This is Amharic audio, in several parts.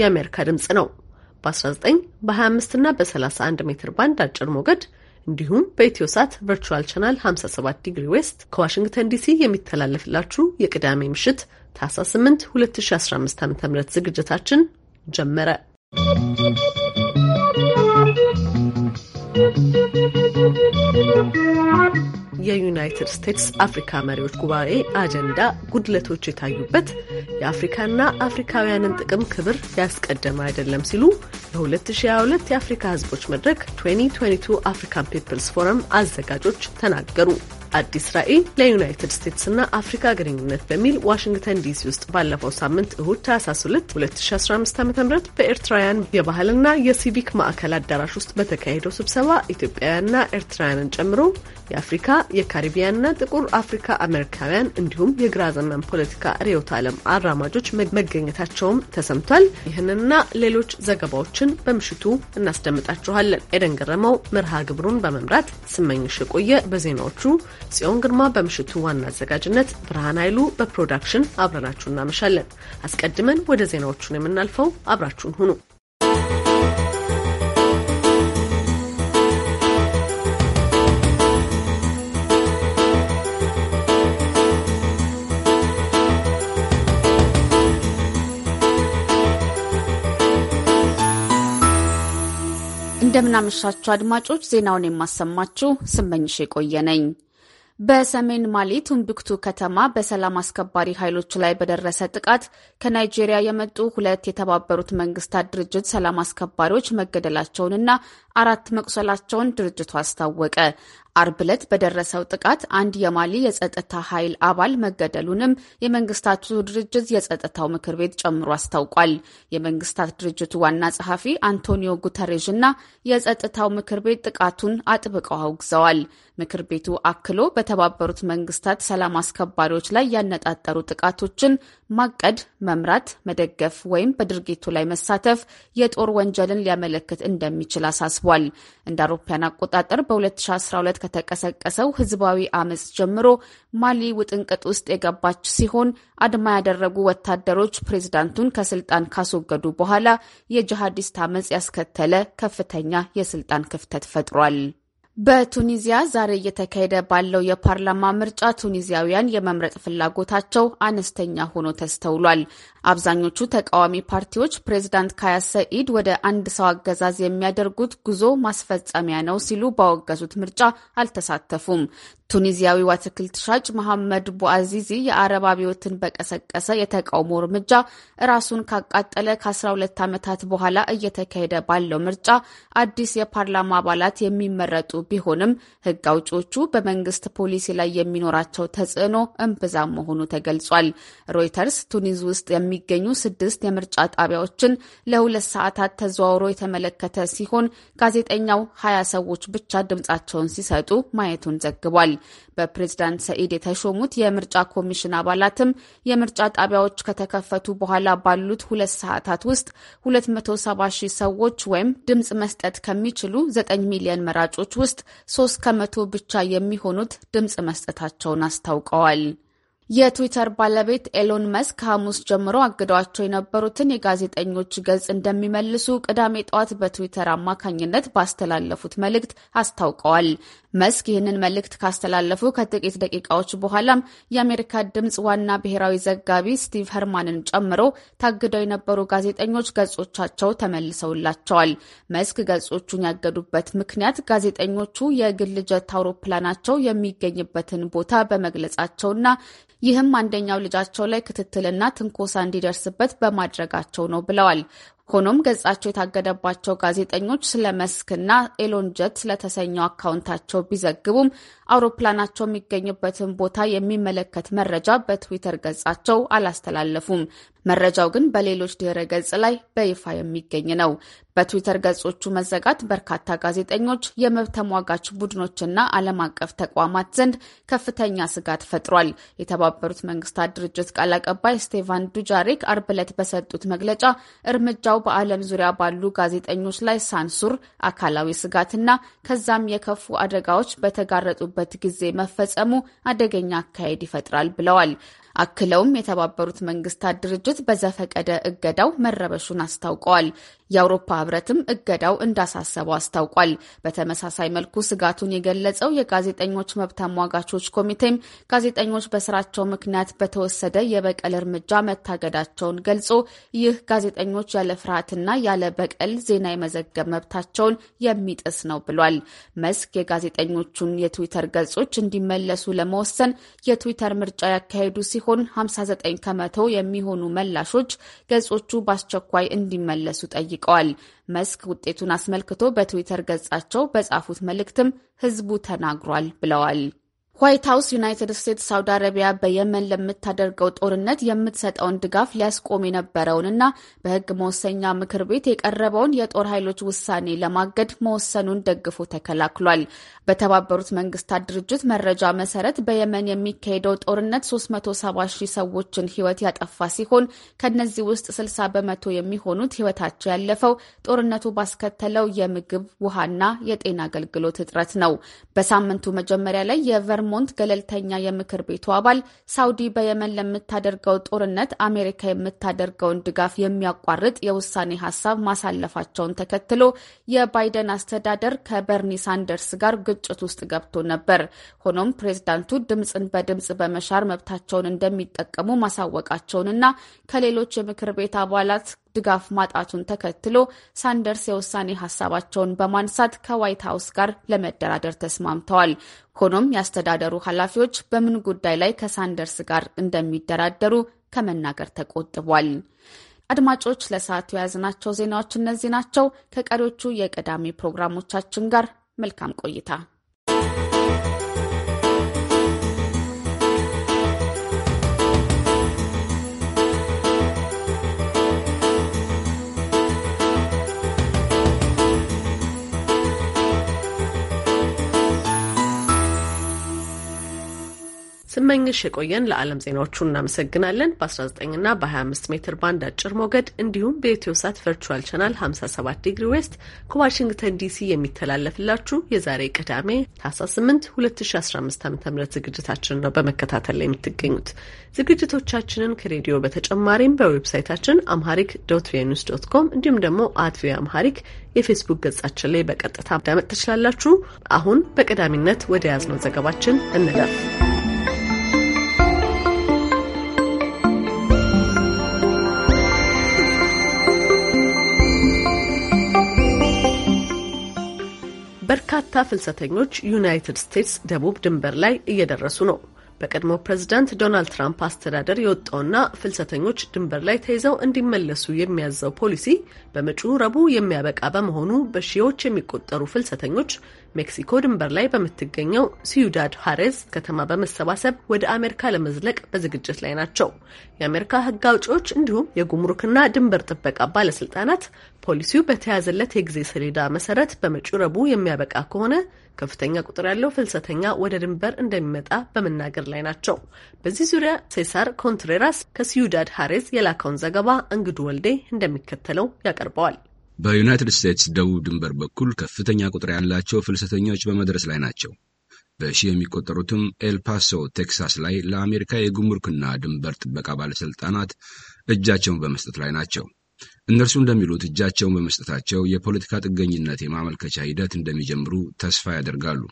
የአሜሪካ ድምፅ ነው። በ19 በ25 እና በ31 ሜትር ባንድ አጭር ሞገድ እንዲሁም በኢትዮ ሳት ቨርቹዋል ቻናል 57 ዲግሪ ዌስት ከዋሽንግተን ዲሲ የሚተላለፍላችሁ የቅዳሜ ምሽት ታህሳስ 8 2015 ዓ.ም ዝግጅታችን ጀመረ። ¶¶ የዩናይትድ ስቴትስ አፍሪካ መሪዎች ጉባኤ አጀንዳ ጉድለቶች የታዩበት የአፍሪካና አፍሪካውያንን ጥቅም ክብር ያስቀደመ አይደለም ሲሉ የ2022 የአፍሪካ ህዝቦች መድረክ 2022 አፍሪካን ፒፕልስ ፎረም አዘጋጆች ተናገሩ። አዲስ ራዕይ ለዩናይትድ ስቴትስና አፍሪካ ግንኙነት በሚል ዋሽንግተን ዲሲ ውስጥ ባለፈው ሳምንት እሁድ ታህሳስ 2 2015 ዓ ም በኤርትራውያን የባህልና የሲቪክ ማዕከል አዳራሽ ውስጥ በተካሄደው ስብሰባ ኢትዮጵያውያንና ኤርትራውያንን ጨምሮ የአፍሪካ የካሪቢያንና ጥቁር አፍሪካ አሜሪካውያን እንዲሁም የግራ ዘመን ፖለቲካ ርዕዮተ ዓለም አራማጆች መገኘታቸውም ተሰምቷል። ይህንና ሌሎች ዘገባዎችን በምሽቱ እናስደምጣችኋለን። ኤደን ገረመው መርሃ ግብሩን በመምራት ስመኝሽ የቆየ በዜናዎቹ ጽዮን ግርማ በምሽቱ ዋና አዘጋጅነት፣ ብርሃን ኃይሉ በፕሮዳክሽን አብረናችሁ እናመሻለን። አስቀድመን ወደ ዜናዎቹን የምናልፈው አብራችሁን ሁኑ። እንደምናመሻችሁ አድማጮች፣ ዜናውን የማሰማችሁ ስመኝሽ የቆየ ነኝ። በሰሜን ማሊ ቱምቢክቱ ከተማ በሰላም አስከባሪ ኃይሎች ላይ በደረሰ ጥቃት ከናይጄሪያ የመጡ ሁለት የተባበሩት መንግስታት ድርጅት ሰላም አስከባሪዎች መገደላቸውንና አራት መቁሰላቸውን ድርጅቱ አስታወቀ። አርብ ዕለት በደረሰው ጥቃት አንድ የማሊ የጸጥታ ኃይል አባል መገደሉንም የመንግስታቱ ድርጅት የጸጥታው ምክር ቤት ጨምሮ አስታውቋል። የመንግስታት ድርጅቱ ዋና ጸሐፊ አንቶኒዮ ጉተሬዥ እና የጸጥታው ምክር ቤት ጥቃቱን አጥብቀው አውግዘዋል። ምክር ቤቱ አክሎ በተባበሩት መንግስታት ሰላም አስከባሪዎች ላይ ያነጣጠሩ ጥቃቶችን ማቀድ፣ መምራት፣ መደገፍ ወይም በድርጊቱ ላይ መሳተፍ የጦር ወንጀልን ሊያመለክት እንደሚችል አሳስቧል። እንደ አውሮፓውያን አቆጣጠር በ2012 ከተቀሰቀሰው ህዝባዊ አመፅ ጀምሮ ማሊ ውጥንቅጥ ውስጥ የገባች ሲሆን አድማ ያደረጉ ወታደሮች ፕሬዝዳንቱን ከስልጣን ካስወገዱ በኋላ የጂሃዲስት አመፅ ያስከተለ ከፍተኛ የስልጣን ክፍተት ፈጥሯል። በቱኒዚያ ዛሬ እየተካሄደ ባለው የፓርላማ ምርጫ ቱኒዚያውያን የመምረጥ ፍላጎታቸው አነስተኛ ሆኖ ተስተውሏል። አብዛኞቹ ተቃዋሚ ፓርቲዎች ፕሬዝዳንት ካያ ሰኢድ ወደ አንድ ሰው አገዛዝ የሚያደርጉት ጉዞ ማስፈጸሚያ ነው ሲሉ ባወገዙት ምርጫ አልተሳተፉም። ቱኒዚያዊው አትክልት ሻጭ መሐመድ ቡአዚዚ የአረብ አብዮትን በቀሰቀሰ የተቃውሞ እርምጃ ራሱን ካቃጠለ ከ12 ዓመታት በኋላ እየተካሄደ ባለው ምርጫ አዲስ የፓርላማ አባላት የሚመረጡ ቢሆንም ሕግ አውጪዎቹ በመንግስት ፖሊሲ ላይ የሚኖራቸው ተጽዕኖ እምብዛም መሆኑ ተገልጿል። ሮይተርስ ቱኒዝ ውስጥ የሚገኙ ስድስት የምርጫ ጣቢያዎችን ለሁለት ሰዓታት ተዘዋውሮ የተመለከተ ሲሆን ጋዜጠኛው ሀያ ሰዎች ብቻ ድምጻቸውን ሲሰጡ ማየቱን ዘግቧል። በፕሬዝዳንት ሰኢድ የተሾሙት የምርጫ ኮሚሽን አባላትም የምርጫ ጣቢያዎች ከተከፈቱ በኋላ ባሉት ሁለት ሰዓታት ውስጥ 270 ሺህ ሰዎች ወይም ድምፅ መስጠት ከሚችሉ 9 ሚሊዮን መራጮች ውስጥ 3 ከመቶ ብቻ የሚሆኑት ድምፅ መስጠታቸውን አስታውቀዋል። የትዊተር ባለቤት ኤሎን መስክ ሐሙስ ጀምሮ አግደዋቸው የነበሩትን የጋዜጠኞች ገጽ እንደሚመልሱ ቅዳሜ ጠዋት በትዊተር አማካኝነት ባስተላለፉት መልእክት አስታውቀዋል። መስክ ይህንን መልእክት ካስተላለፉ ከጥቂት ደቂቃዎች በኋላም የአሜሪካ ድምፅ ዋና ብሔራዊ ዘጋቢ ስቲቭ ኸርማንን ጨምሮ ታግደው የነበሩ ጋዜጠኞች ገጾቻቸው ተመልሰውላቸዋል። መስክ ገጾቹን ያገዱበት ምክንያት ጋዜጠኞቹ የግል ጀት አውሮፕላናቸው የሚገኝበትን ቦታ በመግለጻቸውና ይህም አንደኛው ልጃቸው ላይ ክትትልና ትንኮሳ እንዲደርስበት በማድረጋቸው ነው ብለዋል። ሆኖም ገጻቸው የታገደባቸው ጋዜጠኞች ስለ መስክና ኤሎንጀት ስለተሰኘው አካውንታቸው ቢዘግቡም አውሮፕላናቸው የሚገኝበትን ቦታ የሚመለከት መረጃ በትዊተር ገጻቸው አላስተላለፉም። መረጃው ግን በሌሎች ድረ ገጽ ላይ በይፋ የሚገኝ ነው። በትዊተር ገጾቹ መዘጋት በርካታ ጋዜጠኞች፣ የመብት ተሟጋች ቡድኖችና ዓለም አቀፍ ተቋማት ዘንድ ከፍተኛ ስጋት ፈጥሯል። የተባበሩት መንግስታት ድርጅት ቃል አቀባይ ስቴቫን ዱጃሪክ አርብ ዕለት በሰጡት መግለጫ እርምጃ እርምጃው በዓለም ዙሪያ ባሉ ጋዜጠኞች ላይ ሳንሱር፣ አካላዊ ስጋትና ከዛም የከፉ አደጋዎች በተጋረጡበት ጊዜ መፈጸሙ አደገኛ አካሄድ ይፈጥራል ብለዋል። አክለውም የተባበሩት መንግስታት ድርጅት በዘፈቀደ እገዳው መረበሹን አስታውቀዋል። የአውሮፓ ህብረትም እገዳው እንዳሳሰበው አስታውቋል። በተመሳሳይ መልኩ ስጋቱን የገለጸው የጋዜጠኞች መብት አሟጋቾች ኮሚቴም ጋዜጠኞች በስራቸው ምክንያት በተወሰደ የበቀል እርምጃ መታገዳቸውን ገልጾ ይህ ጋዜጠኞች ያለ ፍርሃትና ያለ በቀል ዜና የመዘገብ መብታቸውን የሚጥስ ነው ብሏል። መስክ የጋዜጠኞቹን የትዊተር ገጾች እንዲመለሱ ለመወሰን የትዊተር ምርጫ ያካሄዱ ሲሆን ሲሆን 59 ከመቶ የሚሆኑ መላሾች ገጾቹ በአስቸኳይ እንዲመለሱ ጠይቀዋል። መስክ ውጤቱን አስመልክቶ በትዊተር ገጻቸው በጻፉት መልእክትም ህዝቡ ተናግሯል ብለዋል። ዋይት ሀውስ ዩናይትድ ስቴትስ ሳውዲ አረቢያ በየመን ለምታደርገው ጦርነት የምትሰጠውን ድጋፍ ሊያስቆም የነበረውንና በሕግ መወሰኛ ምክር ቤት የቀረበውን የጦር ኃይሎች ውሳኔ ለማገድ መወሰኑን ደግፎ ተከላክሏል። በተባበሩት መንግስታት ድርጅት መረጃ መሰረት በየመን የሚካሄደው ጦርነት 370 ሺህ ሰዎችን ሕይወት ያጠፋ ሲሆን ከነዚህ ውስጥ 60 በመቶ የሚሆኑት ህይወታቸው ያለፈው ጦርነቱ ባስከተለው የምግብ ውሃና የጤና አገልግሎት እጥረት ነው። በሳምንቱ መጀመሪያ ላይ የቨር ቨርሞንት ገለልተኛ የምክር ቤቱ አባል ሳውዲ በየመን ለምታደርገው ጦርነት አሜሪካ የምታደርገውን ድጋፍ የሚያቋርጥ የውሳኔ ሀሳብ ማሳለፋቸውን ተከትሎ የባይደን አስተዳደር ከበርኒ ሳንደርስ ጋር ግጭት ውስጥ ገብቶ ነበር። ሆኖም ፕሬዝዳንቱ ድምፅን በድምፅ በመሻር መብታቸውን እንደሚጠቀሙ ማሳወቃቸውንና ከሌሎች የምክር ቤት አባላት ድጋፍ ማጣቱን ተከትሎ ሳንደርስ የውሳኔ ሀሳባቸውን በማንሳት ከዋይት ሀውስ ጋር ለመደራደር ተስማምተዋል። ሆኖም የአስተዳደሩ ኃላፊዎች በምን ጉዳይ ላይ ከሳንደርስ ጋር እንደሚደራደሩ ከመናገር ተቆጥቧል። አድማጮች ለሰዓቱ የያዝናቸው ዜናዎች እነዚህ ናቸው። ከቀሪዎቹ የቅዳሜ ፕሮግራሞቻችን ጋር መልካም ቆይታ ስመኝሽ የቆየን ለዓለም ዜናዎቹ እናመሰግናለን። በ19 እና በ25 ሜትር ባንድ አጭር ሞገድ እንዲሁም በኢትዮ ሳት ቨርቹዋል ቻናል 57 ዲግሪ ዌስት ከዋሽንግተን ዲሲ የሚተላለፍላችሁ የዛሬ ቅዳሜ ታህሳስ 8 2015 ዓ.ም ዝግጅታችን ነው በመከታተል ላይ የምትገኙት። ዝግጅቶቻችንን ከሬዲዮ በተጨማሪም በዌብሳይታችን አምሃሪክ ዶት ቪኦኤ ዶት ኮም እንዲሁም ደግሞ አት ቪ አምሃሪክ የፌስቡክ ገጻችን ላይ በቀጥታ ማዳመጥ ትችላላችሁ። አሁን በቀዳሚነት ወደ ያዝነው ዘገባችን እንለፍ። በርካታ ፍልሰተኞች ዩናይትድ ስቴትስ ደቡብ ድንበር ላይ እየደረሱ ነው። በቀድሞ ፕሬዚዳንት ዶናልድ ትራምፕ አስተዳደር የወጣውና ፍልሰተኞች ድንበር ላይ ተይዘው እንዲመለሱ የሚያዘው ፖሊሲ በመጪው ረቡዕ የሚያበቃ በመሆኑ በሺዎች የሚቆጠሩ ፍልሰተኞች ሜክሲኮ ድንበር ላይ በምትገኘው ሲዩዳድ ሃሬዝ ከተማ በመሰባሰብ ወደ አሜሪካ ለመዝለቅ በዝግጅት ላይ ናቸው። የአሜሪካ ሕግ አውጪዎች እንዲሁም የጉምሩክና ድንበር ጥበቃ ባለስልጣናት ፖሊሲው በተያዘለት የጊዜ ሰሌዳ መሰረት በመጪው ረቡዕ የሚያበቃ ከሆነ ከፍተኛ ቁጥር ያለው ፍልሰተኛ ወደ ድንበር እንደሚመጣ በመናገር ላይ ናቸው። በዚህ ዙሪያ ሴሳር ኮንትሬራስ ከሲዩዳድ ሃሬዝ የላከውን ዘገባ እንግዱ ወልዴ እንደሚከተለው ያቀርበዋል። በዩናይትድ ስቴትስ ደቡብ ድንበር በኩል ከፍተኛ ቁጥር ያላቸው ፍልሰተኞች በመድረስ ላይ ናቸው። በሺህ የሚቆጠሩትም ኤልፓሶ ቴክሳስ ላይ ለአሜሪካ የጉምሩክና ድንበር ጥበቃ ባለሥልጣናት እጃቸውን በመስጠት ላይ ናቸው። እነርሱ እንደሚሉት እጃቸውን በመስጠታቸው የፖለቲካ ጥገኝነት የማመልከቻ ሂደት እንደሚጀምሩ ተስፋ ያደርጋሉ።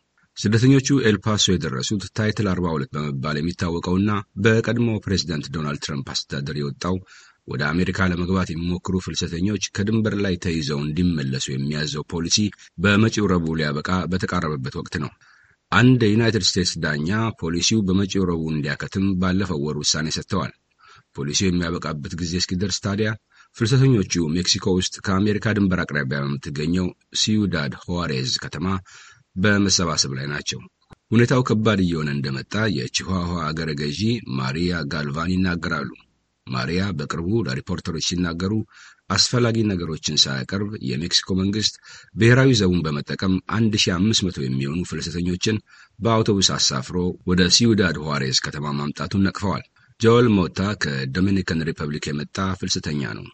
ስደተኞቹ ኤልፓሶ የደረሱት ታይትል 42 በመባል የሚታወቀውና በቀድሞ ፕሬዚደንት ዶናልድ ትራምፕ አስተዳደር የወጣው ወደ አሜሪካ ለመግባት የሚሞክሩ ፍልሰተኞች ከድንበር ላይ ተይዘው እንዲመለሱ የሚያዘው ፖሊሲ በመጪው ረቡዕ ሊያበቃ በተቃረበበት ወቅት ነው። አንድ የዩናይትድ ስቴትስ ዳኛ ፖሊሲው በመጪው ረቡዕ እንዲያከትም ባለፈው ወር ውሳኔ ሰጥተዋል። ፖሊሲው የሚያበቃበት ጊዜ እስኪደርስ ታዲያ ፍልሰተኞቹ ሜክሲኮ ውስጥ ከአሜሪካ ድንበር አቅራቢያ በምትገኘው ሲዩዳድ ሆዋሬዝ ከተማ በመሰባሰብ ላይ ናቸው። ሁኔታው ከባድ እየሆነ እንደመጣ የቺዋዋ አገረ ገዢ ማሪያ ጋልቫን ይናገራሉ። ማሪያ በቅርቡ ለሪፖርተሮች ሲናገሩ አስፈላጊ ነገሮችን ሳያቀርብ የሜክሲኮ መንግስት ብሔራዊ ዘቡን በመጠቀም 1500 የሚሆኑ ፍልሰተኞችን በአውቶቡስ አሳፍሮ ወደ ሲዩዳድ ሆዋሬዝ ከተማ ማምጣቱን ነቅፈዋል። ጆል ሞታ ከዶሚኒካን ሪፐብሊክ የመጣ ፍልሰተኛ ነው።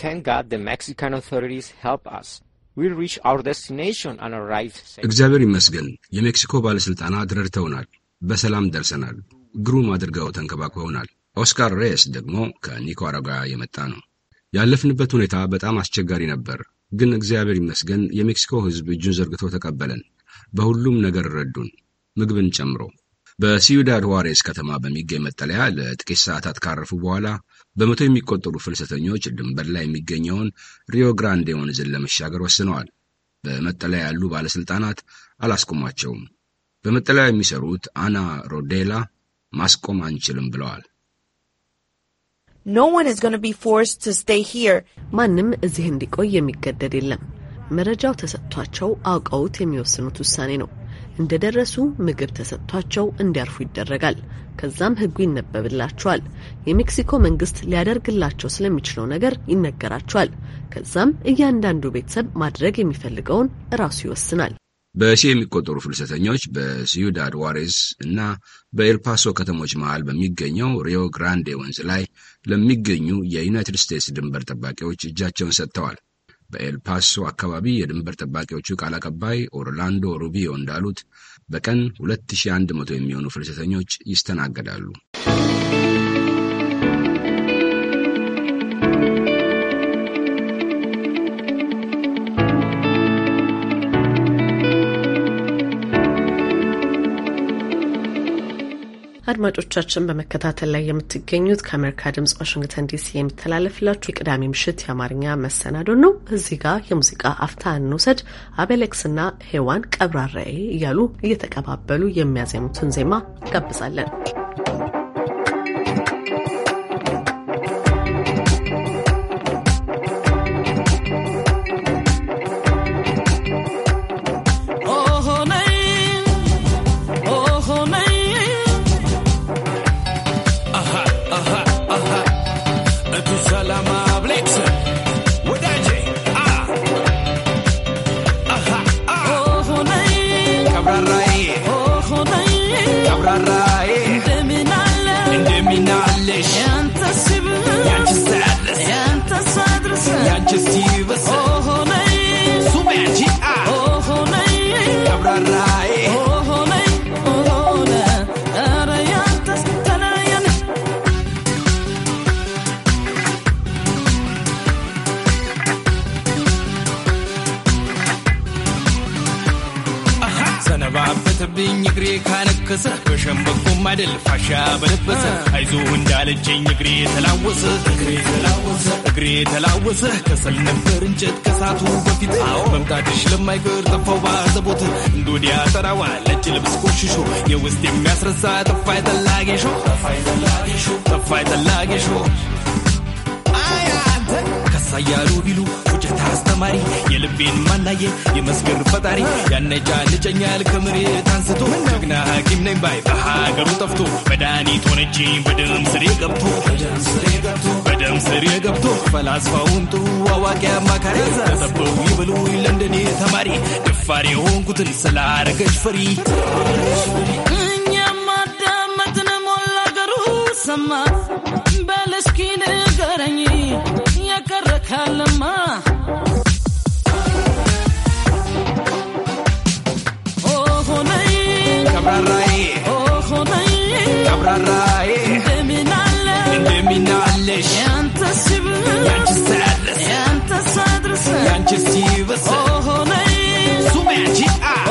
Thank God the Mexican authorities help us. We'll reach our destination and arrive safe. እግዚአብሔር ይመስገን የሜክሲኮ ባለሥልጣናት ረድተውናል። በሰላም ደርሰናል። ግሩም አድርገው ተንከባክበውናል። ኦስካር ሬስ ደግሞ ከኒካራጓ የመጣ ነው። ያለፍንበት ሁኔታ በጣም አስቸጋሪ ነበር፣ ግን እግዚአብሔር ይመስገን የሜክሲኮ ሕዝብ እጁን ዘርግቶ ተቀበለን። በሁሉም ነገር ረዱን፣ ምግብን ጨምሮ። በሲዩዳድ ዋሬስ ከተማ በሚገኝ መጠለያ ለጥቂት ሰዓታት ካረፉ በኋላ በመቶ የሚቆጠሩ ፍልሰተኞች ድንበር ላይ የሚገኘውን ሪዮ ግራንዴ ወንዝን ለመሻገር ወስነዋል። በመጠለያ ያሉ ባለሥልጣናት አላስቆሟቸውም። በመጠለያ የሚሰሩት አና ሮዴላ ማስቆም አንችልም ብለዋል። ማንም እዚህ እንዲቆይ የሚገደድ የለም። መረጃው ተሰጥቷቸው አውቀውት የሚወስኑት ውሳኔ ነው። እንደደረሱ ምግብ ተሰጥቷቸው እንዲያርፉ ይደረጋል። ከዛም ህጉ ይነበብላቸዋል። የሜክሲኮ መንግስት ሊያደርግላቸው ስለሚችለው ነገር ይነገራቸዋል። ከዛም እያንዳንዱ ቤተሰብ ማድረግ የሚፈልገውን እራሱ ይወስናል። በሺህ የሚቆጠሩ ፍልሰተኞች በሲዩዳድ ዋሬስ እና በኤልፓሶ ከተሞች መሃል በሚገኘው ሪዮ ግራንዴ ወንዝ ላይ ለሚገኙ የዩናይትድ ስቴትስ ድንበር ጠባቂዎች እጃቸውን ሰጥተዋል። በኤልፓሶ አካባቢ የድንበር ጠባቂዎቹ ቃል አቀባይ ኦርላንዶ ሩቢዮ እንዳሉት በቀን 2100 የሚሆኑ ፍልሰተኞች ይስተናገዳሉ። አድማጮቻችን በመከታተል ላይ የምትገኙት ከአሜሪካ ድምጽ ዋሽንግተን ዲሲ የሚተላለፍላችሁ የቅዳሜ ምሽት የአማርኛ መሰናዶን ነው። እዚህ ጋር የሙዚቃ አፍታ እንውሰድ። አቤሌክስና ሄዋን ቀብራራዬ እያሉ እየተቀባበሉ የሚያዜሙትን ዜማ ጋብዛለን። ጨረዋ ለጅ ልብስ ቆሽሾ የውስጥ የሚያስረሳ ጠፋይ ጠላቂ ሾ ጠፋይ ጠላቂ ሾ አይ ከሳ እያሉ ቢሉ ውጀታ አስተማሪ የልቤን ማናየ የመስገር ፈጣሪ ያነጃ ልጨኛል ከምሬት አንስቶ ጀግና ሐኪም ነኝ ባይ በሀገሩ ጠፍቶ መድኃኒት ሆነችኝ በደም ስሬ ገብቶ በደም ስሬ ገብቶ ደም ስሬ ገብቶ ፈላስፋውን ጥሩ አዋቂ አማካሪ ተጠበው ይበሉ ለንደኔ ተማሪ ደፋሪ የሆንኩትን ስላረገች ፈሪ እኛም አዳመጥን ሞላ ገሩ ሰማ በለስኪ ንገረኝ የቀረ ካለማ antes sadrısı Yancısıyıvısı Oho ney Sumeci ah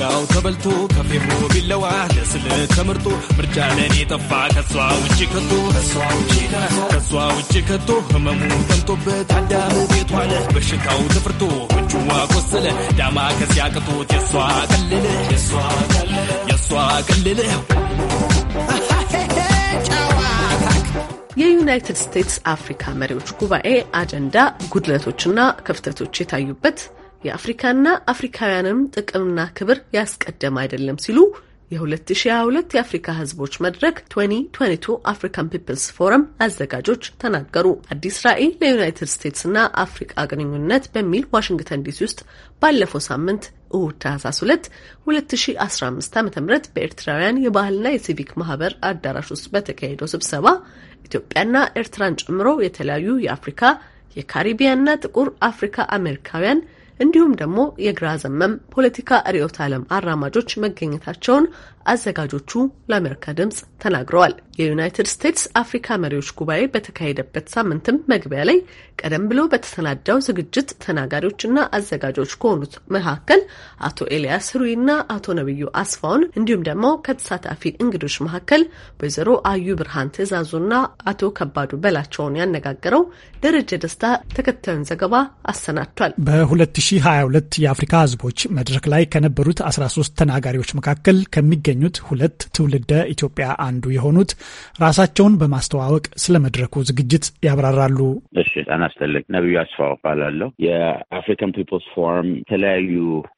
ስጋው ተበልቶ ከፌሞ ቢለዋ ለስልት ተምርጦ ምርጫ ለኔ ጠፋ ከሷ ውጭ ከቶ ከሷ ውጭ ከቶ ህመሙ ጠምጦበት አዳም ቤቷ በሽታው ተፍርቶ እጅዋ ቆሰለ ዳማ ከዚያ ቅጦት የሷ ቀልል የሷ ቀልል የዩናይትድ ስቴትስ አፍሪካ መሪዎች ጉባኤ አጀንዳ ጉድለቶችና ክፍተቶች የታዩበት የአፍሪካና አፍሪካውያንም ጥቅምና ክብር ያስቀደመ አይደለም ሲሉ የ2022 የአፍሪካ ህዝቦች መድረክ 2022 አፍሪካን ፒፕልስ ፎረም አዘጋጆች ተናገሩ። አዲስ ራዕይ ለዩናይትድ ስቴትስና አፍሪካ ግንኙነት በሚል ዋሽንግተን ዲሲ ውስጥ ባለፈው ሳምንት እሁድ ታህሳስ 2 2015 ዓ ም በኤርትራውያን የባህልና የሲቪክ ማህበር አዳራሽ ውስጥ በተካሄደው ስብሰባ ኢትዮጵያና ኤርትራን ጨምሮ የተለያዩ የአፍሪካ የካሪቢያንና ጥቁር አፍሪካ አሜሪካውያን እንዲሁም ደግሞ የግራ ዘመም ፖለቲካ ርዕዮተ ዓለም አራማጆች መገኘታቸውን አዘጋጆቹ ለአሜሪካ ድምጽ ተናግረዋል። የዩናይትድ ስቴትስ አፍሪካ መሪዎች ጉባኤ በተካሄደበት ሳምንትም መግቢያ ላይ ቀደም ብሎ በተሰናዳው ዝግጅት ተናጋሪዎችና አዘጋጆች ከሆኑት መካከል አቶ ኤልያስ ሩይና አቶ ነብዩ አስፋውን እንዲሁም ደግሞ ከተሳታፊ እንግዶች መካከል ወይዘሮ አዩ ብርሃን ትዕዛዙና አቶ ከባዱ በላቸውን ያነጋገረው ደረጀ ደስታ ተከታዩን ዘገባ አሰናድቷል። በ2022 የአፍሪካ ህዝቦች መድረክ ላይ ከነበሩት 13 ተናጋሪዎች መካከል ከሚገ ከሚገኙት ሁለት ትውልደ ኢትዮጵያ አንዱ የሆኑት ራሳቸውን በማስተዋወቅ ስለ መድረኩ ዝግጅት ያብራራሉ። እሺ፣ ጤና ይስጥልኝ። ነቢዩ አስፋው እባላለሁ። የአፍሪካን ፒፕልስ ፎረም የተለያዩ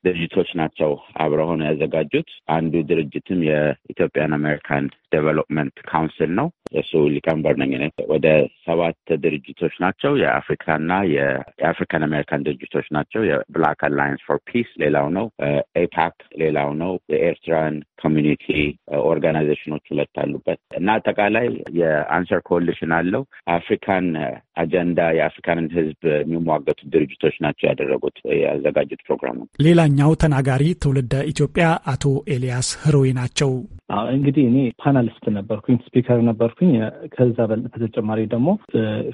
ድርጅቶች ናቸው አብረው ሆነው ያዘጋጁት። አንዱ ድርጅትም የኢትዮጵያን አሜሪካን ዴቨሎፕመንት ካውንስል ነው። እሱ ሊቀመንበር ነኝ። ወደ ሰባት ድርጅቶች ናቸው። የአፍሪካና የአፍሪካን አሜሪካን ድርጅቶች ናቸው። የብላክ አላይንስ ፎር ፒስ ሌላው ነው። ኤፓክ ሌላው ነው። የኤርትራን ኮሚ ኮሚኒቲ ኦርጋናይዜሽኖች ሁለት አሉበት እና አጠቃላይ የአንሰር ኮሊሽን አለው። አፍሪካን አጀንዳ የአፍሪካንን ህዝብ የሚሟገቱ ድርጅቶች ናቸው ያደረጉት ያዘጋጁት ፕሮግራሙ። ሌላኛው ተናጋሪ ትውልደ ኢትዮጵያ አቶ ኤልያስ ህሮይ ናቸው። እንግዲህ እኔ ፓናሊስት ነበርኩኝ፣ ስፒከር ነበርኩኝ። ከዛ በተጨማሪ ደግሞ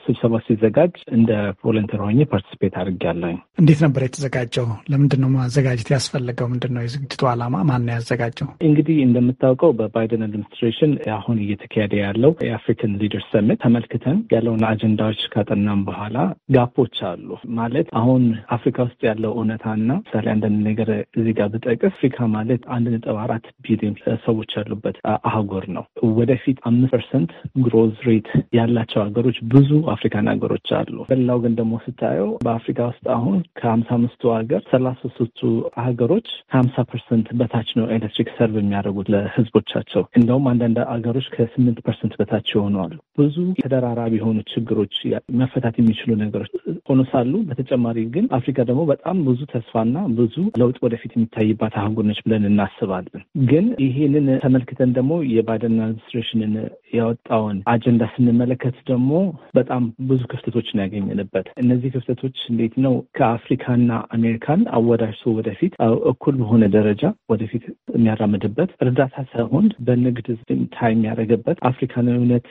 ስብሰባ ሲዘጋጅ እንደ ቮለንተር ሆኜ ፓርቲስፔት አድርጌያለሁኝ። እንዴት ነበር የተዘጋጀው? ለምንድን ነው ማዘጋጀት ያስፈለገው? ምንድን ነው የዝግጅቱ ዓላማ? ማን ነው ያዘጋጀው? እንግዲህ እንግዲህ እንደምታውቀው በባይደን አድሚኒስትሬሽን አሁን እየተካሄደ ያለው የአፍሪካን ሊደር ሰሚት ተመልክተን ያለውን አጀንዳዎች ካጠናም በኋላ ጋፖች አሉ። ማለት አሁን አፍሪካ ውስጥ ያለው እውነታና ምሳሌ አንዳንድ ነገር እዚህ ጋር ብጠቅስ አፍሪካ ማለት አንድ ነጥብ አራት ቢሊዮን ሰዎች ያሉበት አህጉር ነው። ወደፊት አምስት ፐርሰንት ግሮዝ ሬት ያላቸው ሀገሮች ብዙ አፍሪካን ሀገሮች አሉ። በሌላው ግን ደግሞ ስታየው በአፍሪካ ውስጥ አሁን ከሀምሳ አምስቱ ሀገር ሰላሳ ሶስቱ ሀገሮች ከሀምሳ ፐርሰንት በታች ነው ኤሌክትሪክ ሰርቭ የሚያደርጉ የሚያደርጉት ለህዝቦቻቸው። እንደውም አንዳንድ አገሮች ከስምንት ፐርሰንት በታች የሆኑ አሉ። ብዙ ተደራራቢ የሆኑ ችግሮች መፈታት የሚችሉ ነገሮች ሆኖ ሳሉ በተጨማሪ ግን አፍሪካ ደግሞ በጣም ብዙ ተስፋና ብዙ ለውጥ ወደፊት የሚታይባት አህጉር ነች ብለን እናስባለን። ግን ይሄንን ተመልክተን ደግሞ የባይደን አድሚኒስትሬሽንን ያወጣውን አጀንዳ ስንመለከት ደግሞ በጣም ብዙ ክፍተቶችን ያገኘንበት እነዚህ ክፍተቶች እንዴት ነው ከአፍሪካና አሜሪካን አወዳጅቶ ወደፊት እኩል በሆነ ደረጃ ወደፊት የሚያራምድበት እርዳታ ሳይሆን በንግድ ታይ የሚያደርግበት አፍሪካን እውነት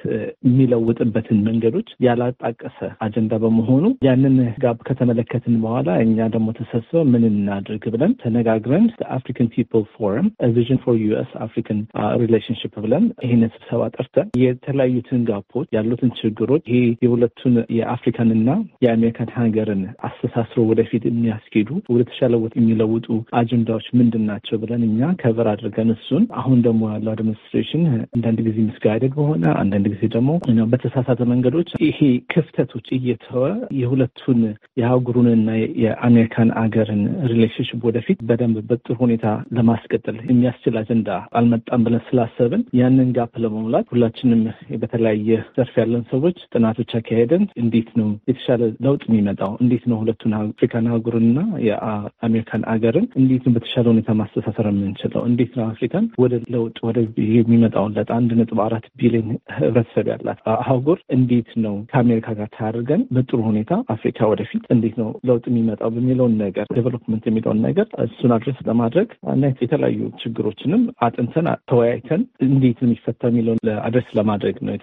የሚለውጥበትን መንገዶች ያላጣቀሰ አጀንዳ በመሆኑ ያንን ጋብ ከተመለከትን በኋላ እኛ ደግሞ ተሰብስበ ምን እናድርግ ብለን ተነጋግረን አፍሪካን ፒፕል ፎረም ቪዥን ፎር ዩኤስ አፍሪካን ሪሌሽንሽፕ ብለን ይህንን ስብሰባ ጠርተን የተለያዩትን ጋፖች ያሉትን ችግሮች ይሄ የሁለቱን የአፍሪካንና የአሜሪካን ሀገርን አስተሳስሮ ወደፊት የሚያስኬዱ ወደተሻለ ተሻለ የሚለውጡ አጀንዳዎች ምንድን ናቸው ብለን እኛ ከበር አድርገን እሱ እሱን አሁን ደግሞ ያለው አድሚኒስትሬሽን አንዳንድ ጊዜ ምስጋይደድ በሆነ አንዳንድ ጊዜ ደግሞ በተሳሳተ መንገዶች ይሄ ክፍተቶች እየተወ የሁለቱን የአህጉሩንና የአሜሪካን አገርን ሪሌሽንሽፕ ወደፊት በደንብ በጥሩ ሁኔታ ለማስቀጠል የሚያስችል አጀንዳ አልመጣም ብለን ስላሰብን ያንን ጋፕ ለመሙላት ሁላችንም በተለያየ ዘርፍ ያለን ሰዎች ጥናቶች አካሄደን እንዴት ነው የተሻለ ለውጥ የሚመጣው? እንዴት ነው ሁለቱን አፍሪካን አህጉርንና የአሜሪካን አገርን እንዴት ነው በተሻለ ሁኔታ ማስተሳሰር የምንችለው? እንዴት ነው አፍሪካን ዓለም ወደ ለውጥ ወደ የሚመጣውን ለውጥ አንድ ነጥብ አራት ቢሊዮን ህብረተሰብ ያላት አህጉር እንዴት ነው ከአሜሪካ ጋር ታደርገን በጥሩ ሁኔታ አፍሪካ ወደፊት እንዴት ነው ለውጥ የሚመጣው በሚለውን ነገር ዴቨሎፕመንት የሚለውን ነገር እሱን አድረስ ለማድረግ እና የተለያዩ ችግሮችንም አጥንተን ተወያይተን እንዴት ነው የሚፈታ የሚለውን አድረስ ለማድረግ ነው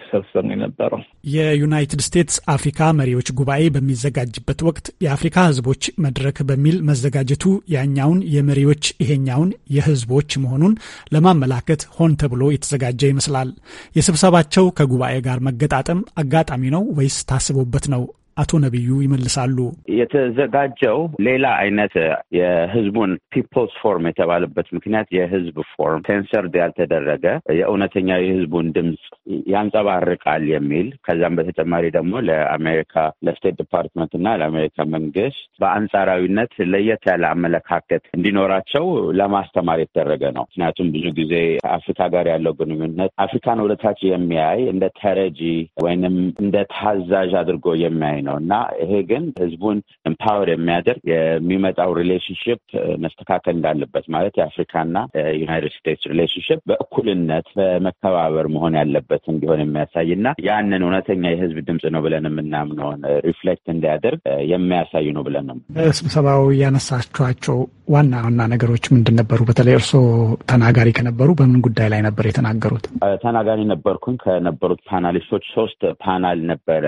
ነው የነበረው። የዩናይትድ ስቴትስ አፍሪካ መሪዎች ጉባኤ በሚዘጋጅበት ወቅት የአፍሪካ ህዝቦች መድረክ በሚል መዘጋጀቱ ያኛውን የመሪዎች ይሄኛውን የህዝቦች መሆኑን ለማመላከት ሆን ተብሎ የተዘጋጀ ይመስላል። የስብሰባቸው ከጉባኤ ጋር መገጣጠም አጋጣሚ ነው ወይስ ታስቦበት ነው? አቶ ነቢዩ ይመልሳሉ። የተዘጋጀው ሌላ አይነት የህዝቡን ፒፕልስ ፎርም የተባለበት ምክንያት የህዝብ ፎርም ሴንሰርድ ያልተደረገ የእውነተኛ የህዝቡን ድምፅ ያንጸባርቃል የሚል ከዛም በተጨማሪ ደግሞ ለአሜሪካ ለስቴት ዲፓርትመንት እና ለአሜሪካ መንግስት በአንጻራዊነት ለየት ያለ አመለካከት እንዲኖራቸው ለማስተማር የተደረገ ነው። ምክንያቱም ብዙ ጊዜ ከአፍሪካ ጋር ያለው ግንኙነት አፍሪካን ወደታች የሚያይ እንደ ተረጂ ወይንም እንደ ታዛዥ አድርጎ የሚያይ ነው እና ይሄ ግን ህዝቡን ኤምፓወር የሚያደርግ የሚመጣው ሪሌሽንሽፕ uh, መስተካከል እንዳለበት ማለት የአፍሪካና ዩናይትድ ስቴትስ ሪሌሽንሽፕ በእኩልነት በመከባበር መሆን ያለበት እንዲሆን የሚያሳይ እና ያንን እውነተኛ የህዝብ ድምፅ ነው ብለን የምናምነውን ሪፍሌክት እንዲያደርግ uh, የሚያሳይ ነው ብለን ነው። ስብሰባው ያነሳችኋቸው ዋና ዋና ነገሮች ምንድን ነበሩ? በተለይ እርስዎ ተናጋሪ ከነበሩ በምን ጉዳይ ላይ ነበር የተናገሩት? Uh, ተናጋሪ ነበርኩኝ። ከነበሩት ፓናሊስቶች ሶስት ፓናል ነበረ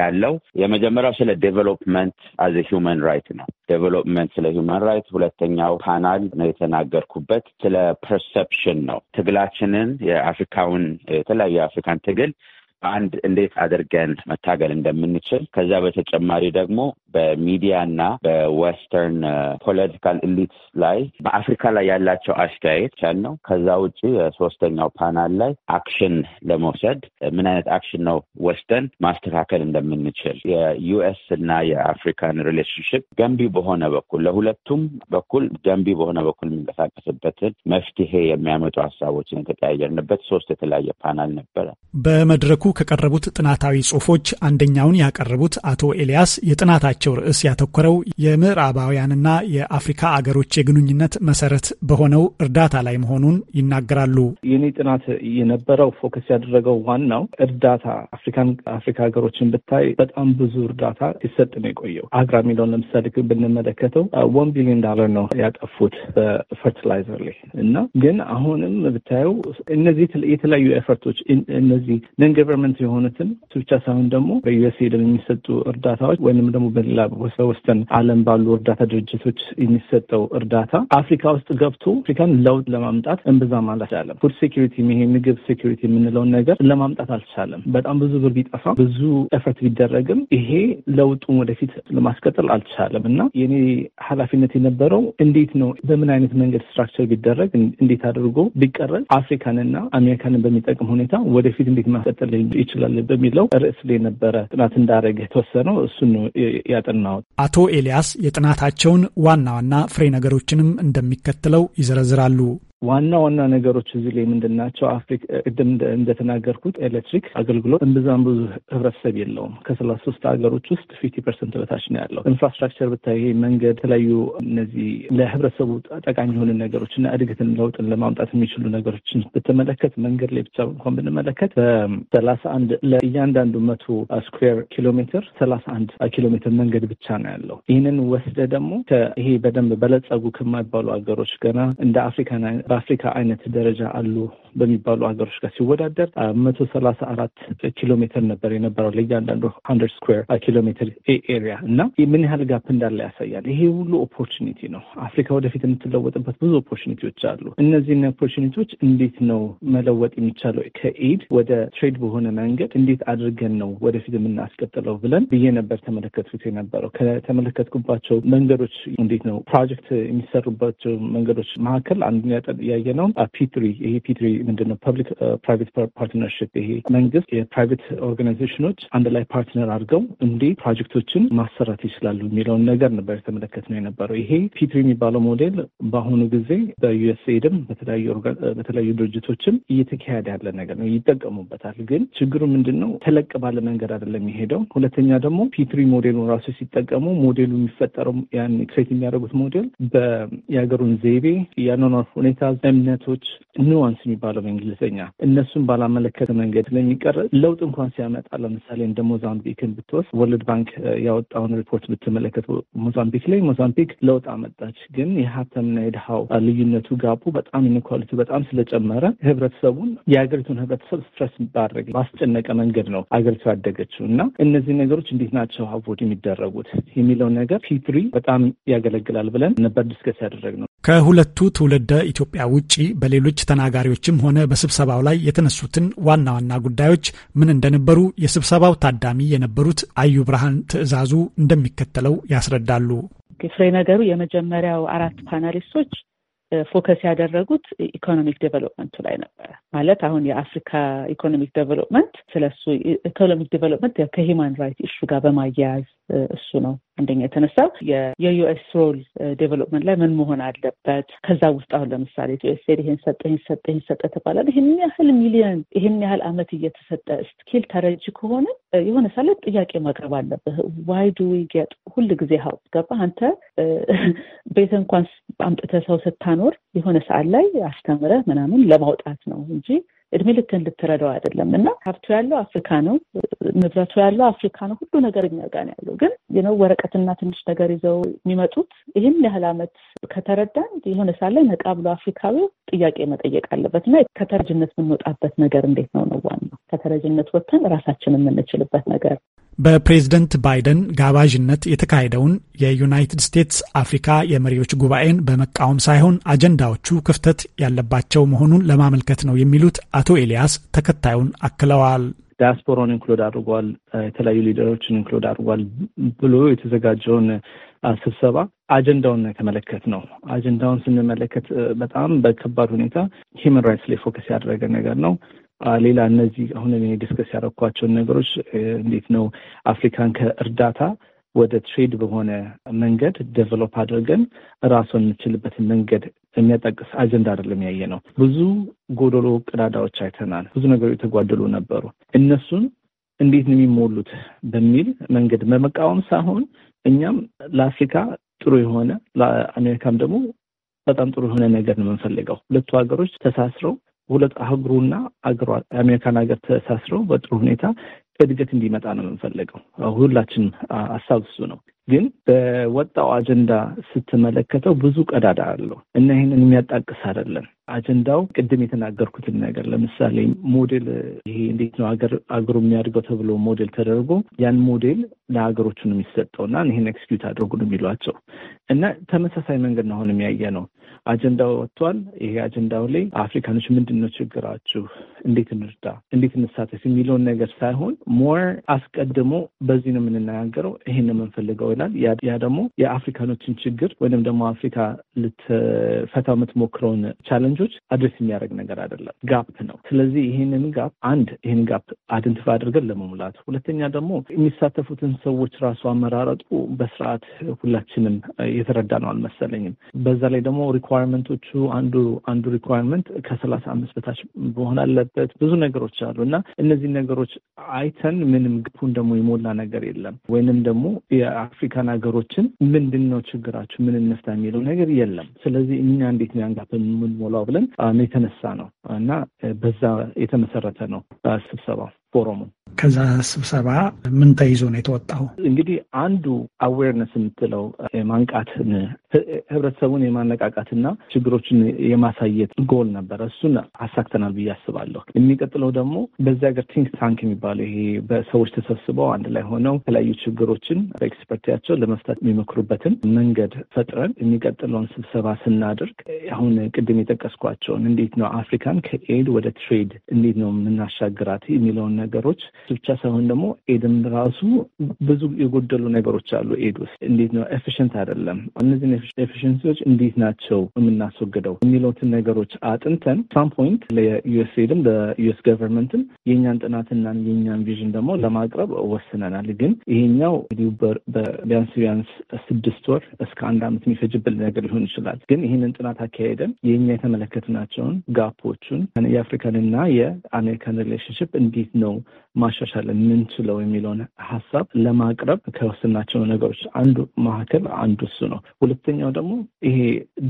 ያለው። የመጀመሪያው ስለ ዴቨሎፕመንት አዘ ሂውመን ራይት ነው። ዴቨሎፕመንት ስለ ሂውማን ራይት ሁለተኛው ፓናል ነው የተናገርኩበት ስለ ፐርሰፕሽን ነው። ትግላችንን የአፍሪካውን የተለያዩ የአፍሪካን ትግል በአንድ እንዴት አድርገን መታገል እንደምንችል ከዛ በተጨማሪ ደግሞ በሚዲያ እና በዌስተርን uh, ፖለቲካል ኢሊትስ ላይ በአፍሪካ ላይ ያላቸው አስተያየት ቻል ነው። ከዛ ውጭ የሶስተኛው ፓናል ላይ አክሽን ለመውሰድ ምን አይነት አክሽን ነው ወስደን ማስተካከል እንደምንችል የዩኤስ እና የአፍሪካን ሪሌሽንሽፕ ገንቢ በሆነ በኩል ለሁለቱም በኩል ገንቢ በሆነ በኩል የሚንቀሳቀስበትን መፍትሄ የሚያመጡ ሀሳቦችን የተቀያየርንበት ሶስት የተለያየ ፓናል ነበረ። በመድረኩ ከቀረቡት ጥናታዊ ጽሁፎች አንደኛውን ያቀረቡት አቶ ኤልያስ የጥናታ የውይይታቸው ርዕስ ያተኮረው የምዕራባውያንና የአፍሪካ አገሮች የግንኙነት መሰረት በሆነው እርዳታ ላይ መሆኑን ይናገራሉ። የኔ ጥናት የነበረው ፎከስ ያደረገው ዋናው እርዳታ አፍሪካን አፍሪካ ሀገሮችን ብታይ በጣም ብዙ እርዳታ ሲሰጥ ነው የቆየው። አግራ የሚለውን ለምሳሌ ብንመለከተው ወን ቢሊዮን ዳለር ነው ያጠፉት በፈርቲላይዘር ላይ እና ግን አሁንም ብታየው እነዚህ የተለያዩ ኤፈርቶች እነዚህ ነን ገቨርንመንት የሆኑትን ብቻ ሳይሆን ደግሞ በዩኤስኤድ የሚሰጡ እርዳታዎች ወይም ደግሞ በሌላ ዓለም ባሉ እርዳታ ድርጅቶች የሚሰጠው እርዳታ አፍሪካ ውስጥ ገብቶ አፍሪካን ለውጥ ለማምጣት እምብዛም አልቻለም። ፉድ ሴኪሪቲ ይሄ ምግብ ሴኪሪቲ የምንለውን ነገር ለማምጣት አልቻለም። በጣም ብዙ ብር ቢጠፋ ብዙ ኤፈርት ቢደረግም ይሄ ለውጡን ወደፊት ለማስቀጠል አልቻለም እና የኔ ኃላፊነት የነበረው እንዴት ነው በምን አይነት መንገድ ስትራክቸር ቢደረግ እንዴት አድርጎ ቢቀረጽ አፍሪካንና አሜሪካንን በሚጠቅም ሁኔታ ወደፊት እንዴት ማስቀጠል ይችላል በሚለው ርዕስ ላይ ነበረ ጥናት እንዳደረገ የተወሰነው እሱን ነው ያጠናሁት። አቶ ኤልያስ የጥናታቸውን ዋና ዋና ፍሬ ነገሮችንም እንደሚከተለው ይዘረዝራሉ። ዋና ዋና ነገሮች እዚህ ላይ ምንድን ናቸው? ቅድም እንደተናገርኩት ኤሌክትሪክ አገልግሎት እምብዛም ብዙ ህብረተሰብ የለውም። ከሰላሳ ሶስት ሀገሮች ውስጥ ፊፍቲ ፐርሰንት በታች ነው ያለው። ኢንፍራስትራክቸር ብታይ መንገድ፣ የተለያዩ እነዚህ ለህብረተሰቡ ጠቃሚ የሆኑ ነገሮች እና እድገትን ለውጥን ለማምጣት የሚችሉ ነገሮችን ብትመለከት መንገድ ላይ ብቻ እንኳን ብንመለከት በሰላሳ አንድ ለእያንዳንዱ መቶ ስኩዌር ኪሎ ሜትር ሰላሳ አንድ ኪሎ ሜትር መንገድ ብቻ ነው ያለው። ይህንን ወስደ ደግሞ ይሄ በደንብ በለጸጉ ከማይባሉ ሀገሮች ገና እንደ አፍሪካን በአፍሪካ አይነት ደረጃ አሉ በሚባሉ ሀገሮች ጋር ሲወዳደር መቶ ሰላሳ አራት ኪሎ ሜትር ነበር የነበረው ለእያንዳንዱ ሀንድርድ ስኩዌር ኪሎ ሜትር ኤሪያ እና ምን ያህል ጋፕ እንዳለ ያሳያል። ይሄ ሁሉ ኦፖርቹኒቲ ነው። አፍሪካ ወደፊት የምትለወጥበት ብዙ ኦፖርቹኒቲዎች አሉ። እነዚህን ኦፖርቹኒቲዎች እንዴት ነው መለወጥ የሚቻለው ከኤድ ወደ ትሬድ በሆነ መንገድ እንዴት አድርገን ነው ወደፊት የምናስቀጥለው ብለን ብዬ ነበር ተመለከትኩት የነበረው። ከተመለከትኩባቸው መንገዶች እንዴት ነው ፕሮጀክት የሚሰሩባቸው መንገዶች መካከል አንዱ ያየ ነው ፒትሪ ይሄ ፒትሪ ምንድነው? ፐብሊክ ፕራይቬት ፓርትነርሽፕ ይሄ መንግስት የፕራይቬት ኦርጋናይዜሽኖች አንድ ላይ ፓርትነር አድርገው እንዲህ ፕሮጀክቶችን ማሰራት ይችላሉ የሚለውን ነገር ነበር የተመለከት ነው የነበረው። ይሄ ፒትሪ የሚባለው ሞዴል በአሁኑ ጊዜ በዩኤስኤድም በተለያዩ ድርጅቶችም እየተካሄደ ያለ ነገር ነው፣ ይጠቀሙበታል። ግን ችግሩ ምንድን ነው? ተለቅ ባለ መንገድ አይደለም የሄደው። ሁለተኛ ደግሞ ፒትሪ ሞዴሉ ራሱ ሲጠቀሙ ሞዴሉ የሚፈጠረው ያን ክሬት የሚያደርጉት ሞዴል የሀገሩን ዘይቤ፣ ያኗኗር ሁኔታ ፖለቲካል እምነቶች ኑዋንስ የሚባለው በእንግሊዝኛ እነሱን ባላመለከተ መንገድ ስለሚቀር ለውጥ እንኳን ሲያመጣ ለምሳሌ እንደ ሞዛምቢክን ብትወስድ ወርልድ ባንክ ያወጣውን ሪፖርት ብትመለከት ሞዛምቢክ ላይ ሞዛምቢክ ለውጥ አመጣች፣ ግን የሀብታምና የድሃው ልዩነቱ ጋቡ በጣም ኢኒኳሊቲ በጣም ስለጨመረ ህብረተሰቡን የሀገሪቱን ህብረተሰብ ስትረስ ባድረግ ባስጨነቀ መንገድ ነው አገሪቱ ያደገችው እና እነዚህ ነገሮች እንዴት ናቸው አቮይድ የሚደረጉት የሚለው ነገር ፒትሪ በጣም ያገለግላል ብለን ነበር ዲስከስ ያደረግነው። ከሁለቱ ትውልደ ኢትዮጵያ ውጪ በሌሎች ተናጋሪዎችም ሆነ በስብሰባው ላይ የተነሱትን ዋና ዋና ጉዳዮች ምን እንደነበሩ የስብሰባው ታዳሚ የነበሩት አዩ ብርሃን ትዕዛዙ እንደሚከተለው ያስረዳሉ። ፍሬ ነገሩ የመጀመሪያው አራት ፓናሊስቶች ፎከስ ያደረጉት ኢኮኖሚክ ዴቨሎፕመንቱ ላይ ነበረ። ማለት አሁን የአፍሪካ ኢኮኖሚክ ዴቨሎፕመንት ስለሱ ኢኮኖሚክ ዴቨሎፕመንት ከሂማን ራይት ኢሹ ጋር በማያያዝ እሱ ነው አንደኛ የተነሳው። የዩኤስ ሮል ዴቨሎፕመንት ላይ ምን መሆን አለበት? ከዛ ውስጥ አሁን ለምሳሌ ዩኤስኤድ ይህን ሰጠ፣ ይህን ሰጠ፣ ይህን ሰጠ ተባለ። ይህን ያህል ሚሊዮን፣ ይህን ያህል አመት እየተሰጠ ስኪል ተረጅ ከሆነ የሆነ ሳለ ጥያቄ ማቅረብ አለብህ። ዋይ ዱ ዊ ጌጥ ሁል ጊዜ ሀው ገባ አንተ ቤት እንኳን አምጥተህ ሰው ስታኖር የሆነ ሰዓት ላይ አስተምረህ ምናምን ለማውጣት ነው እንጂ እድሜ ልክ እንድትረዳው አይደለም እና ሀብቱ ያለው አፍሪካ ነው፣ ንብረቱ ያለው አፍሪካ ነው፣ ሁሉ ነገር እኛ ጋር ነው ያለው። ግን ነው ወረቀትና ትንሽ ነገር ይዘው የሚመጡት ይህን ያህል አመት ከተረዳን የሆነ ሳ ላይ ነቃ ብሎ አፍሪካዊ ጥያቄ መጠየቅ አለበት እና ከተረጅነት የምንወጣበት ነገር እንዴት ነው ነው ዋናው ከተረጅነት ወጥተን ራሳችን የምንችልበት ነገር በፕሬዝደንት ባይደን ጋባዥነት የተካሄደውን የዩናይትድ ስቴትስ አፍሪካ የመሪዎች ጉባኤን በመቃወም ሳይሆን አጀንዳዎቹ ክፍተት ያለባቸው መሆኑን ለማመልከት ነው የሚሉት አቶ ኤልያስ ተከታዩን አክለዋል። ዲያስፖራን ኢንክሉድ አድርጓል፣ የተለያዩ ሊደሮችን ኢንክሉድ አድርጓል ብሎ የተዘጋጀውን ስብሰባ አጀንዳውን ከመለከት ነው። አጀንዳውን ስንመለከት በጣም በከባድ ሁኔታ ሂማን ራይትስ ላይ ፎከስ ያደረገ ነገር ነው። ሌላ እነዚህ አሁን እኔ ዲስከስ ያደረኳቸውን ነገሮች እንዴት ነው አፍሪካን ከእርዳታ ወደ ትሬድ በሆነ መንገድ ዴቨሎፕ አድርገን ራሷን የምችልበትን መንገድ የሚያጠቅስ አጀንዳ አይደለም ያየ ነው። ብዙ ጎደሎ ቀዳዳዎች አይተናል። ብዙ ነገሮች የተጓደሉ ነበሩ። እነሱን እንዴት ነው የሚሞሉት በሚል መንገድ በመቃወም ሳይሆን እኛም ለአፍሪካ ጥሩ የሆነ ለአሜሪካም ደግሞ በጣም ጥሩ የሆነ ነገር ነው የምንፈልገው። ሁለቱ ሀገሮች ተሳስረው ሁለት አህጉሩና አገሯ አሜሪካን ሀገር ተሳስረው በጥሩ ሁኔታ እድገት እንዲመጣ ነው የምንፈልገው። ሁላችን ሀሳብ እሱ ነው። ግን በወጣው አጀንዳ ስትመለከተው ብዙ ቀዳዳ አለው እና ይህንን የሚያጣቅስ አይደለም። አጀንዳው ቅድም የተናገርኩትን ነገር ለምሳሌ ሞዴል ይሄ እንዴት ነው ሀገር አገሩ የሚያድገው ተብሎ ሞዴል ተደርጎ ያን ሞዴል ለሀገሮቹ ነው የሚሰጠው እና ይህን ኤክስኪዩት አድርጉ ነው የሚሏቸው እና ተመሳሳይ መንገድ ነው አሁን የሚያየ ነው። አጀንዳው ወጥቷል። ይሄ አጀንዳው ላይ አፍሪካኖች ምንድን ነው ችግራችሁ፣ እንዴት እንርዳ፣ እንዴት እንሳተፍ የሚለውን ነገር ሳይሆን ሞር አስቀድሞ በዚህ ነው የምንናገረው፣ ይሄን የምንፈልገው ይላል። ያ ደግሞ የአፍሪካኖችን ችግር ወይንም ደግሞ አፍሪካ ልትፈታው የምትሞክረውን ቻለንጅ ቻሌንጆች አድሬስ የሚያደርግ ነገር አይደለም፣ ጋፕ ነው። ስለዚህ ይህንን ጋፕ አንድ ይህን ጋፕ አይደንቲፋይ አድርገን ለመሙላት፣ ሁለተኛ ደግሞ የሚሳተፉትን ሰዎች ራሱ አመራረጡ በስርዓት ሁላችንም የተረዳ ነው አልመሰለኝም። በዛ ላይ ደግሞ ሪኳርመንቶቹ አንዱ አንዱ ሪኳርመንት ከሰላሳ አምስት በታች መሆን አለበት። ብዙ ነገሮች አሉ እና እነዚህ ነገሮች አይተን ምንም ግፉን ደግሞ የሞላ ነገር የለም ወይንም ደግሞ የአፍሪካን ሀገሮችን ምንድን ነው ችግራችሁ ምን እንፍታ የሚለው ነገር የለም። ስለዚህ እኛ እንዴት ያንጋፍ የምንሞላው ብለን የተነሳ ነው እና በዛ የተመሰረተ ነው ስብሰባው። ፎረሙ። ከዛ ስብሰባ ምን ተይዞ ነው የተወጣው? እንግዲህ አንዱ አዌርነስ የምትለው የማንቃትን ህብረተሰቡን የማነቃቃትና ችግሮችን የማሳየት ጎል ነበረ። እሱን አሳክተናል ብዬ አስባለሁ። የሚቀጥለው ደግሞ በዚህ ሀገር ቲንክ ታንክ የሚባለው ይሄ በሰዎች ተሰብስበው አንድ ላይ ሆነው የተለያዩ ችግሮችን በኤክስፐርቲያቸው ለመፍታት የሚመክሩበትን መንገድ ፈጥረን የሚቀጥለውን ስብሰባ ስናደርግ አሁን ቅድም የጠቀስኳቸውን እንዴት ነው አፍሪካን ከኤድ ወደ ትሬድ እንዴት ነው የምናሻግራት የሚለውን ነገሮች ብቻ ሳይሆን ደግሞ ኤድም ራሱ ብዙ የጎደሉ ነገሮች አሉ። ኤድ ውስጥ እንዴት ነው ኤፊሽንት አይደለም። እነዚህን ኤፊሽንሲዎች እንዴት ናቸው የምናስወግደው የሚለውትን ነገሮች አጥንተን ሳም ፖይንት ለዩኤስ ኤድም ለዩኤስ ገቨርንመንትም የእኛን ጥናትና የእኛን ቪዥን ደግሞ ለማቅረብ ወስነናል። ግን ይሄኛው ቢያንስ ቢያንስ ስድስት ወር እስከ አንድ ዓመት የሚፈጅብል ነገር ሊሆን ይችላል። ግን ይህንን ጥናት አካሄደን የእኛ የተመለከትናቸውን ጋፖቹን የአፍሪካንና የአሜሪካን ሪሌሽንሽፕ እንዴት ነው ነው ማሻሻል የምንችለው የሚለውን ሀሳብ ለማቅረብ ከወስናቸው ነገሮች አንዱ መካከል አንዱ እሱ ነው። ሁለተኛው ደግሞ ይሄ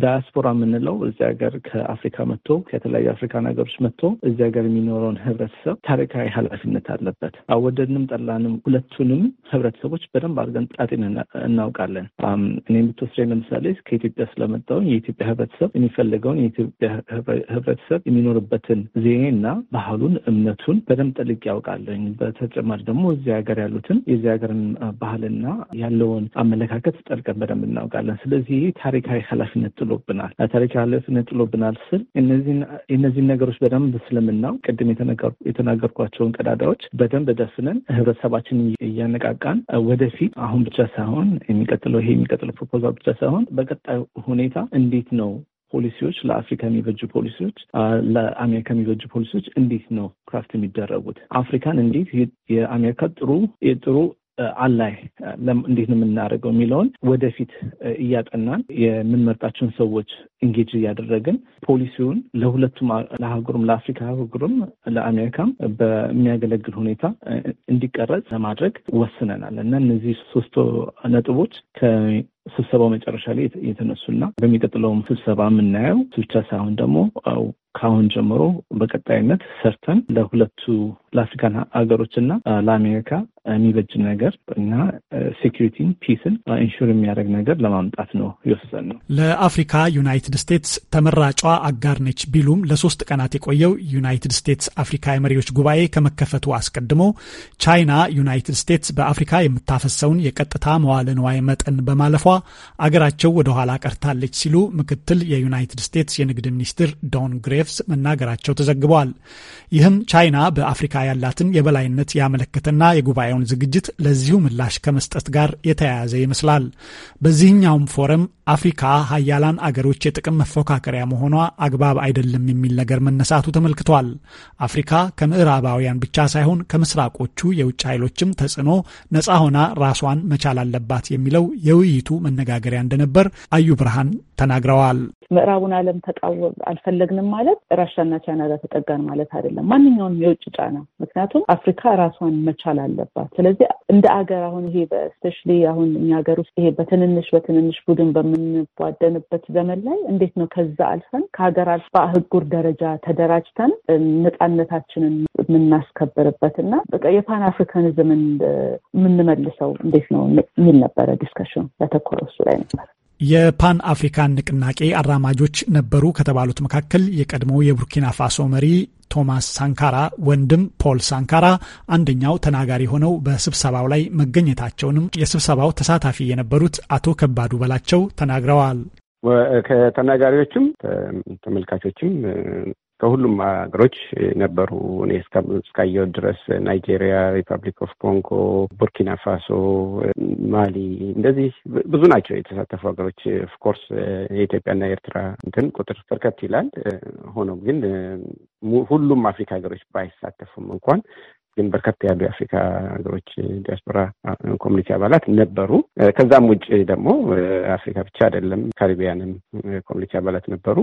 ዳያስፖራ የምንለው እዚ ሀገር ከአፍሪካ መጥቶ ከተለያዩ አፍሪካ ሀገሮች መጥቶ እዚ ሀገር የሚኖረውን ህብረተሰብ ታሪካዊ ኃላፊነት አለበት። አወደድንም ጠላንም ሁለቱንም ህብረተሰቦች በደንብ አድርገን ጣጤን እናውቃለን። እኔ ምትወስደ ለምሳሌ ከኢትዮጵያ ስለመጣሁ የኢትዮጵያ ህብረተሰብ የሚፈልገውን የኢትዮጵያ ህብረተሰብ የሚኖርበትን ዜና፣ ባህሉን፣ እምነቱን በደንብ ጠልቅ ያውቃለኝ። በተጨማሪ ደግሞ እዚህ ሀገር ያሉትን የዚህ ሀገርን ባህልና ያለውን አመለካከት ጠልቀን በደንብ እናውቃለን። ስለዚህ ታሪካዊ ኃላፊነት ጥሎብናል። ታሪካዊ ኃላፊነት ጥሎብናል ስል እነዚህን ነገሮች በደንብ ስለምናውቅ ቅድም የተናገርኳቸውን ቀዳዳዎች በደንብ ደፍነን ህብረተሰባችን እያነቃቃን ወደፊት አሁን ብቻ ሳይሆን የሚቀጥለው ይሄ የሚቀጥለው ፕሮፖዛል ብቻ ሳይሆን በቀጣዩ ሁኔታ እንዴት ነው ፖሊሲዎች ለአፍሪካ የሚበጁ ፖሊሲዎች፣ ለአሜሪካ የሚበጁ ፖሊሲዎች እንዴት ነው ክራፍት የሚደረጉት? አፍሪካን እንዴት የአሜሪካ ጥሩ የጥሩ አላይ እንዴት ነው የምናደርገው የሚለውን ወደፊት እያጠናን የምንመርጣቸውን ሰዎች እንጌጅ እያደረግን ፖሊሲውን ለሁለቱም ለሀገሩም ለአፍሪካ ሀገሩም ለአሜሪካም በሚያገለግል ሁኔታ እንዲቀረጽ ለማድረግ ወስነናል እና እነዚህ ሶስቱ ነጥቦች ስብሰባው መጨረሻ ላይ የተነሱና በሚቀጥለውም ስብሰባ የምናየው እሱ ብቻ ሳይሆን ደግሞ ከአሁን ጀምሮ በቀጣይነት ሰርተን ለሁለቱ ለአፍሪካን ሀገሮች እና ለአሜሪካ የሚበጅ ነገር እና ሴኪሪቲን ፒስን ኢንሹር የሚያደርግ ነገር ለማምጣት ነው የወሰን ነው። ለአፍሪካ ዩናይትድ ስቴትስ ተመራጯ አጋር ነች ቢሉም ለሶስት ቀናት የቆየው ዩናይትድ ስቴትስ አፍሪካ የመሪዎች ጉባኤ ከመከፈቱ አስቀድሞ ቻይና ዩናይትድ ስቴትስ በአፍሪካ የምታፈሰውን የቀጥታ መዋለ ንዋይ መጠን በማለፏ አገራቸው ወደ ኋላ ቀርታለች ሲሉ ምክትል የዩናይትድ ስቴትስ የንግድ ሚኒስትር ዶን ግሬቭስ መናገራቸው ተዘግበዋል። ይህም ቻይና በአፍሪካ ያላትን የበላይነት ያመለከተና የጉባኤውን ዝግጅት ለዚሁ ምላሽ ከመስጠት ጋር የተያያዘ ይመስላል። በዚህኛውም ፎረም አፍሪካ ሀያላን አገሮች የጥቅም መፎካከሪያ መሆኗ አግባብ አይደለም የሚል ነገር መነሳቱ ተመልክቷል። አፍሪካ ከምዕራባውያን ብቻ ሳይሆን ከምስራቆቹ የውጭ ኃይሎችም ተጽዕኖ ነፃ ሆና ራሷን መቻል አለባት የሚለው የውይይቱ መነጋገሪያ እንደነበር አዩ ብርሃን ተናግረዋል። ምዕራቡን ዓለም ተቃወ አልፈለግንም ማለት ራሻና ቻይና ጋር ተጠጋን ማለት አይደለም። ማንኛውም የውጭ ጫና ምክንያቱም አፍሪካ ራሷን መቻል አለባት። ስለዚህ እንደ አገር አሁን ይሄ በስፔሻሊ አሁን እኛ ሀገር ውስጥ ይሄ በትንንሽ በትንንሽ ቡድን በምንቧደንበት ዘመን ላይ እንዴት ነው ከዛ አልፈን ከሀገር አልፋ አህጉር ደረጃ ተደራጅተን ነፃነታችንን የምናስከብርበት እና በቃ የፓን አፍሪካኒዝምን የምንመልሰው እንዴት ነው የሚል ነበረ ዲስከሽን ያተኮረ የነበረው እሱ ላይ ነበር። የፓን አፍሪካን ንቅናቄ አራማጆች ነበሩ ከተባሉት መካከል የቀድሞው የቡርኪና ፋሶ መሪ ቶማስ ሳንካራ ወንድም ፖል ሳንካራ አንደኛው ተናጋሪ ሆነው በስብሰባው ላይ መገኘታቸውንም የስብሰባው ተሳታፊ የነበሩት አቶ ከባዱ በላቸው ተናግረዋል። ከተናጋሪዎችም ተመልካቾችም ከሁሉም ሀገሮች ነበሩ። እኔ እስካየው ድረስ ናይጄሪያ፣ ሪፐብሊክ ኦፍ ኮንጎ፣ ቡርኪና ፋሶ፣ ማሊ እንደዚህ ብዙ ናቸው የተሳተፉ ሀገሮች። ኦፍኮርስ የኢትዮጵያና ኤርትራ እንትን ቁጥር በርከት ይላል። ሆኖም ግን ሁሉም አፍሪካ ሀገሮች ባይሳተፉም እንኳን ግን በርከት ያሉ የአፍሪካ ሀገሮች ዲያስፖራ ኮሚኒቲ አባላት ነበሩ። ከዛም ውጭ ደግሞ አፍሪካ ብቻ አይደለም ካሪቢያንም ኮሚኒቲ አባላት ነበሩ።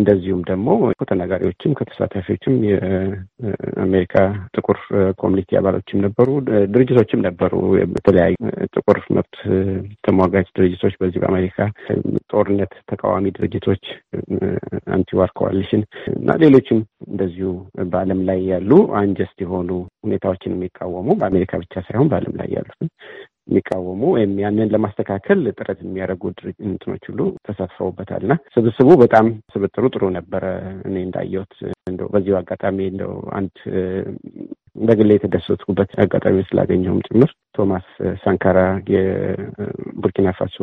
እንደዚሁም ደግሞ ከተናጋሪዎችም ከተሳታፊዎችም የአሜሪካ ጥቁር ኮሚኒቲ አባሎችም ነበሩ። ድርጅቶችም ነበሩ። በተለያዩ ጥቁር መብት ተሟጋጅ ድርጅቶች በዚህ በአሜሪካ ጦርነት ተቃዋሚ ድርጅቶች አንቲዋር ኮዋሊሽን እና ሌሎችም እንደዚሁ በዓለም ላይ ያሉ አንጀስት የሆኑ ሁኔታዎችን የሚቃወሙ በአሜሪካ ብቻ ሳይሆን በዓለም ላይ ያሉትን የሚቃወሙ ወይም ያንን ለማስተካከል ጥረት የሚያደርጉ ድርጅኖች ሁሉ ተሳትፈውበታል እና ስብስቡ በጣም ስብጥሩ ጥሩ ነበረ። እኔ እንዳየሁት እንደው በዚሁ አጋጣሚ እንደው አንድ በግሌ የተደሰትኩበት አጋጣሚ ስላገኘሁም ጭምር ቶማስ ሳንካራ የቡርኪና ፋሶ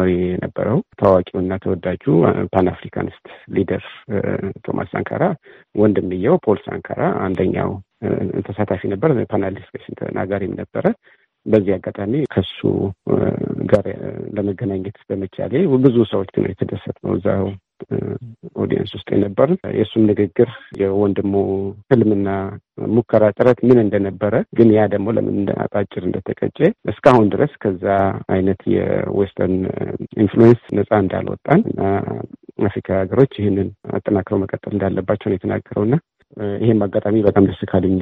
መሪ የነበረው ታዋቂውና ተወዳጁ ፓን አፍሪካኒስት ሊደር ቶማስ ሳንካራ ወንድምየው ፖል ሳንካራ አንደኛው ተሳታፊ ነበር፣ ፓናል ዲስከሽን ተናጋሪም ነበረ። በዚህ አጋጣሚ ከሱ ጋር ለመገናኘት በመቻሌ ብዙ ሰዎች ነው የተደሰት ነው። እዛው ኦዲየንስ ውስጥ የነበር የእሱም ንግግር የወንድሙ ህልምና ሙከራ ጥረት ምን እንደነበረ ግን ያ ደግሞ ለምን አጣጭር እንደተቀጨ እስካሁን ድረስ ከዛ አይነት የዌስተርን ኢንፍሉዌንስ ነፃ እንዳልወጣን እና አፍሪካ ሀገሮች ይህንን አጠናክረው መቀጠል እንዳለባቸው ነው የተናገረውና ይህም አጋጣሚ በጣም ደስ ካለኝ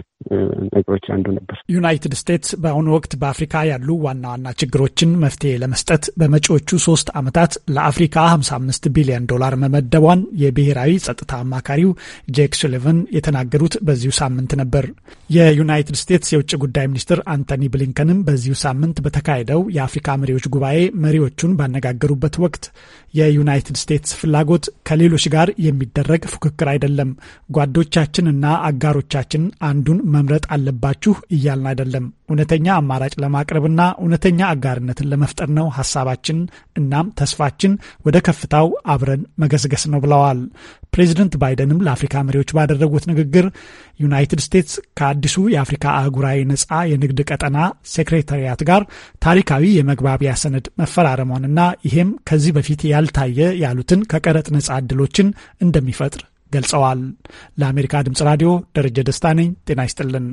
ነገሮች አንዱ ነበር። ዩናይትድ ስቴትስ በአሁኑ ወቅት በአፍሪካ ያሉ ዋና ዋና ችግሮችን መፍትሄ ለመስጠት በመጪዎቹ ሶስት ዓመታት ለአፍሪካ 55 ቢሊዮን ዶላር መመደቧን የብሔራዊ ጸጥታ አማካሪው ጄክ ሱሊቨን የተናገሩት በዚሁ ሳምንት ነበር። የዩናይትድ ስቴትስ የውጭ ጉዳይ ሚኒስትር አንቶኒ ብሊንከንም በዚሁ ሳምንት በተካሄደው የአፍሪካ መሪዎች ጉባኤ መሪዎቹን ባነጋገሩበት ወቅት የዩናይትድ ስቴትስ ፍላጎት ከሌሎች ጋር የሚደረግ ፉክክር አይደለም ጓዶቻ ራሳችንና አጋሮቻችን አንዱን መምረጥ አለባችሁ እያልን አይደለም። እውነተኛ አማራጭ ለማቅረብና እውነተኛ አጋርነትን ለመፍጠር ነው ሀሳባችን። እናም ተስፋችን ወደ ከፍታው አብረን መገስገስ ነው ብለዋል። ፕሬዚደንት ባይደንም ለአፍሪካ መሪዎች ባደረጉት ንግግር ዩናይትድ ስቴትስ ከአዲሱ የአፍሪካ አህጉራዊ ነጻ የንግድ ቀጠና ሴክሬታሪያት ጋር ታሪካዊ የመግባቢያ ሰነድ መፈራረሟንና ይሄም ከዚህ በፊት ያልታየ ያሉትን ከቀረጥ ነጻ እድሎችን እንደሚፈጥር ገልጸዋል። ለአሜሪካ ድምጽ ራዲዮ ደረጀ ደስታ ነኝ። ጤና ይስጥልን።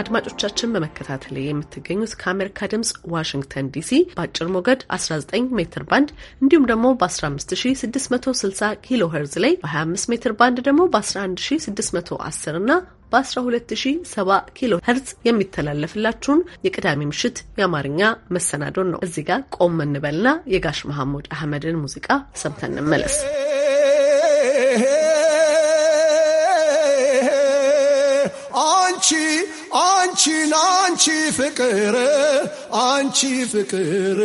አድማጮቻችን በመከታተል የምትገኙት ከአሜሪካ ድምጽ ዋሽንግተን ዲሲ በአጭር ሞገድ 19 ሜትር ባንድ እንዲሁም ደግሞ በ15660 ኪሎ ሄርዝ ላይ በ25 ሜትር ባንድ ደግሞ በ11610 እና በ 1270 ኪሎ ሄርዝ የሚተላለፍላችሁን የቅዳሜ ምሽት የአማርኛ መሰናዶን ነው። እዚህ ጋር ቆም እንበልና የጋሽ መሐሙድ አህመድን ሙዚቃ ሰምተን እንመለስ። አንቺ አንቺን አንቺ ፍቅር አንቺ ፍቅር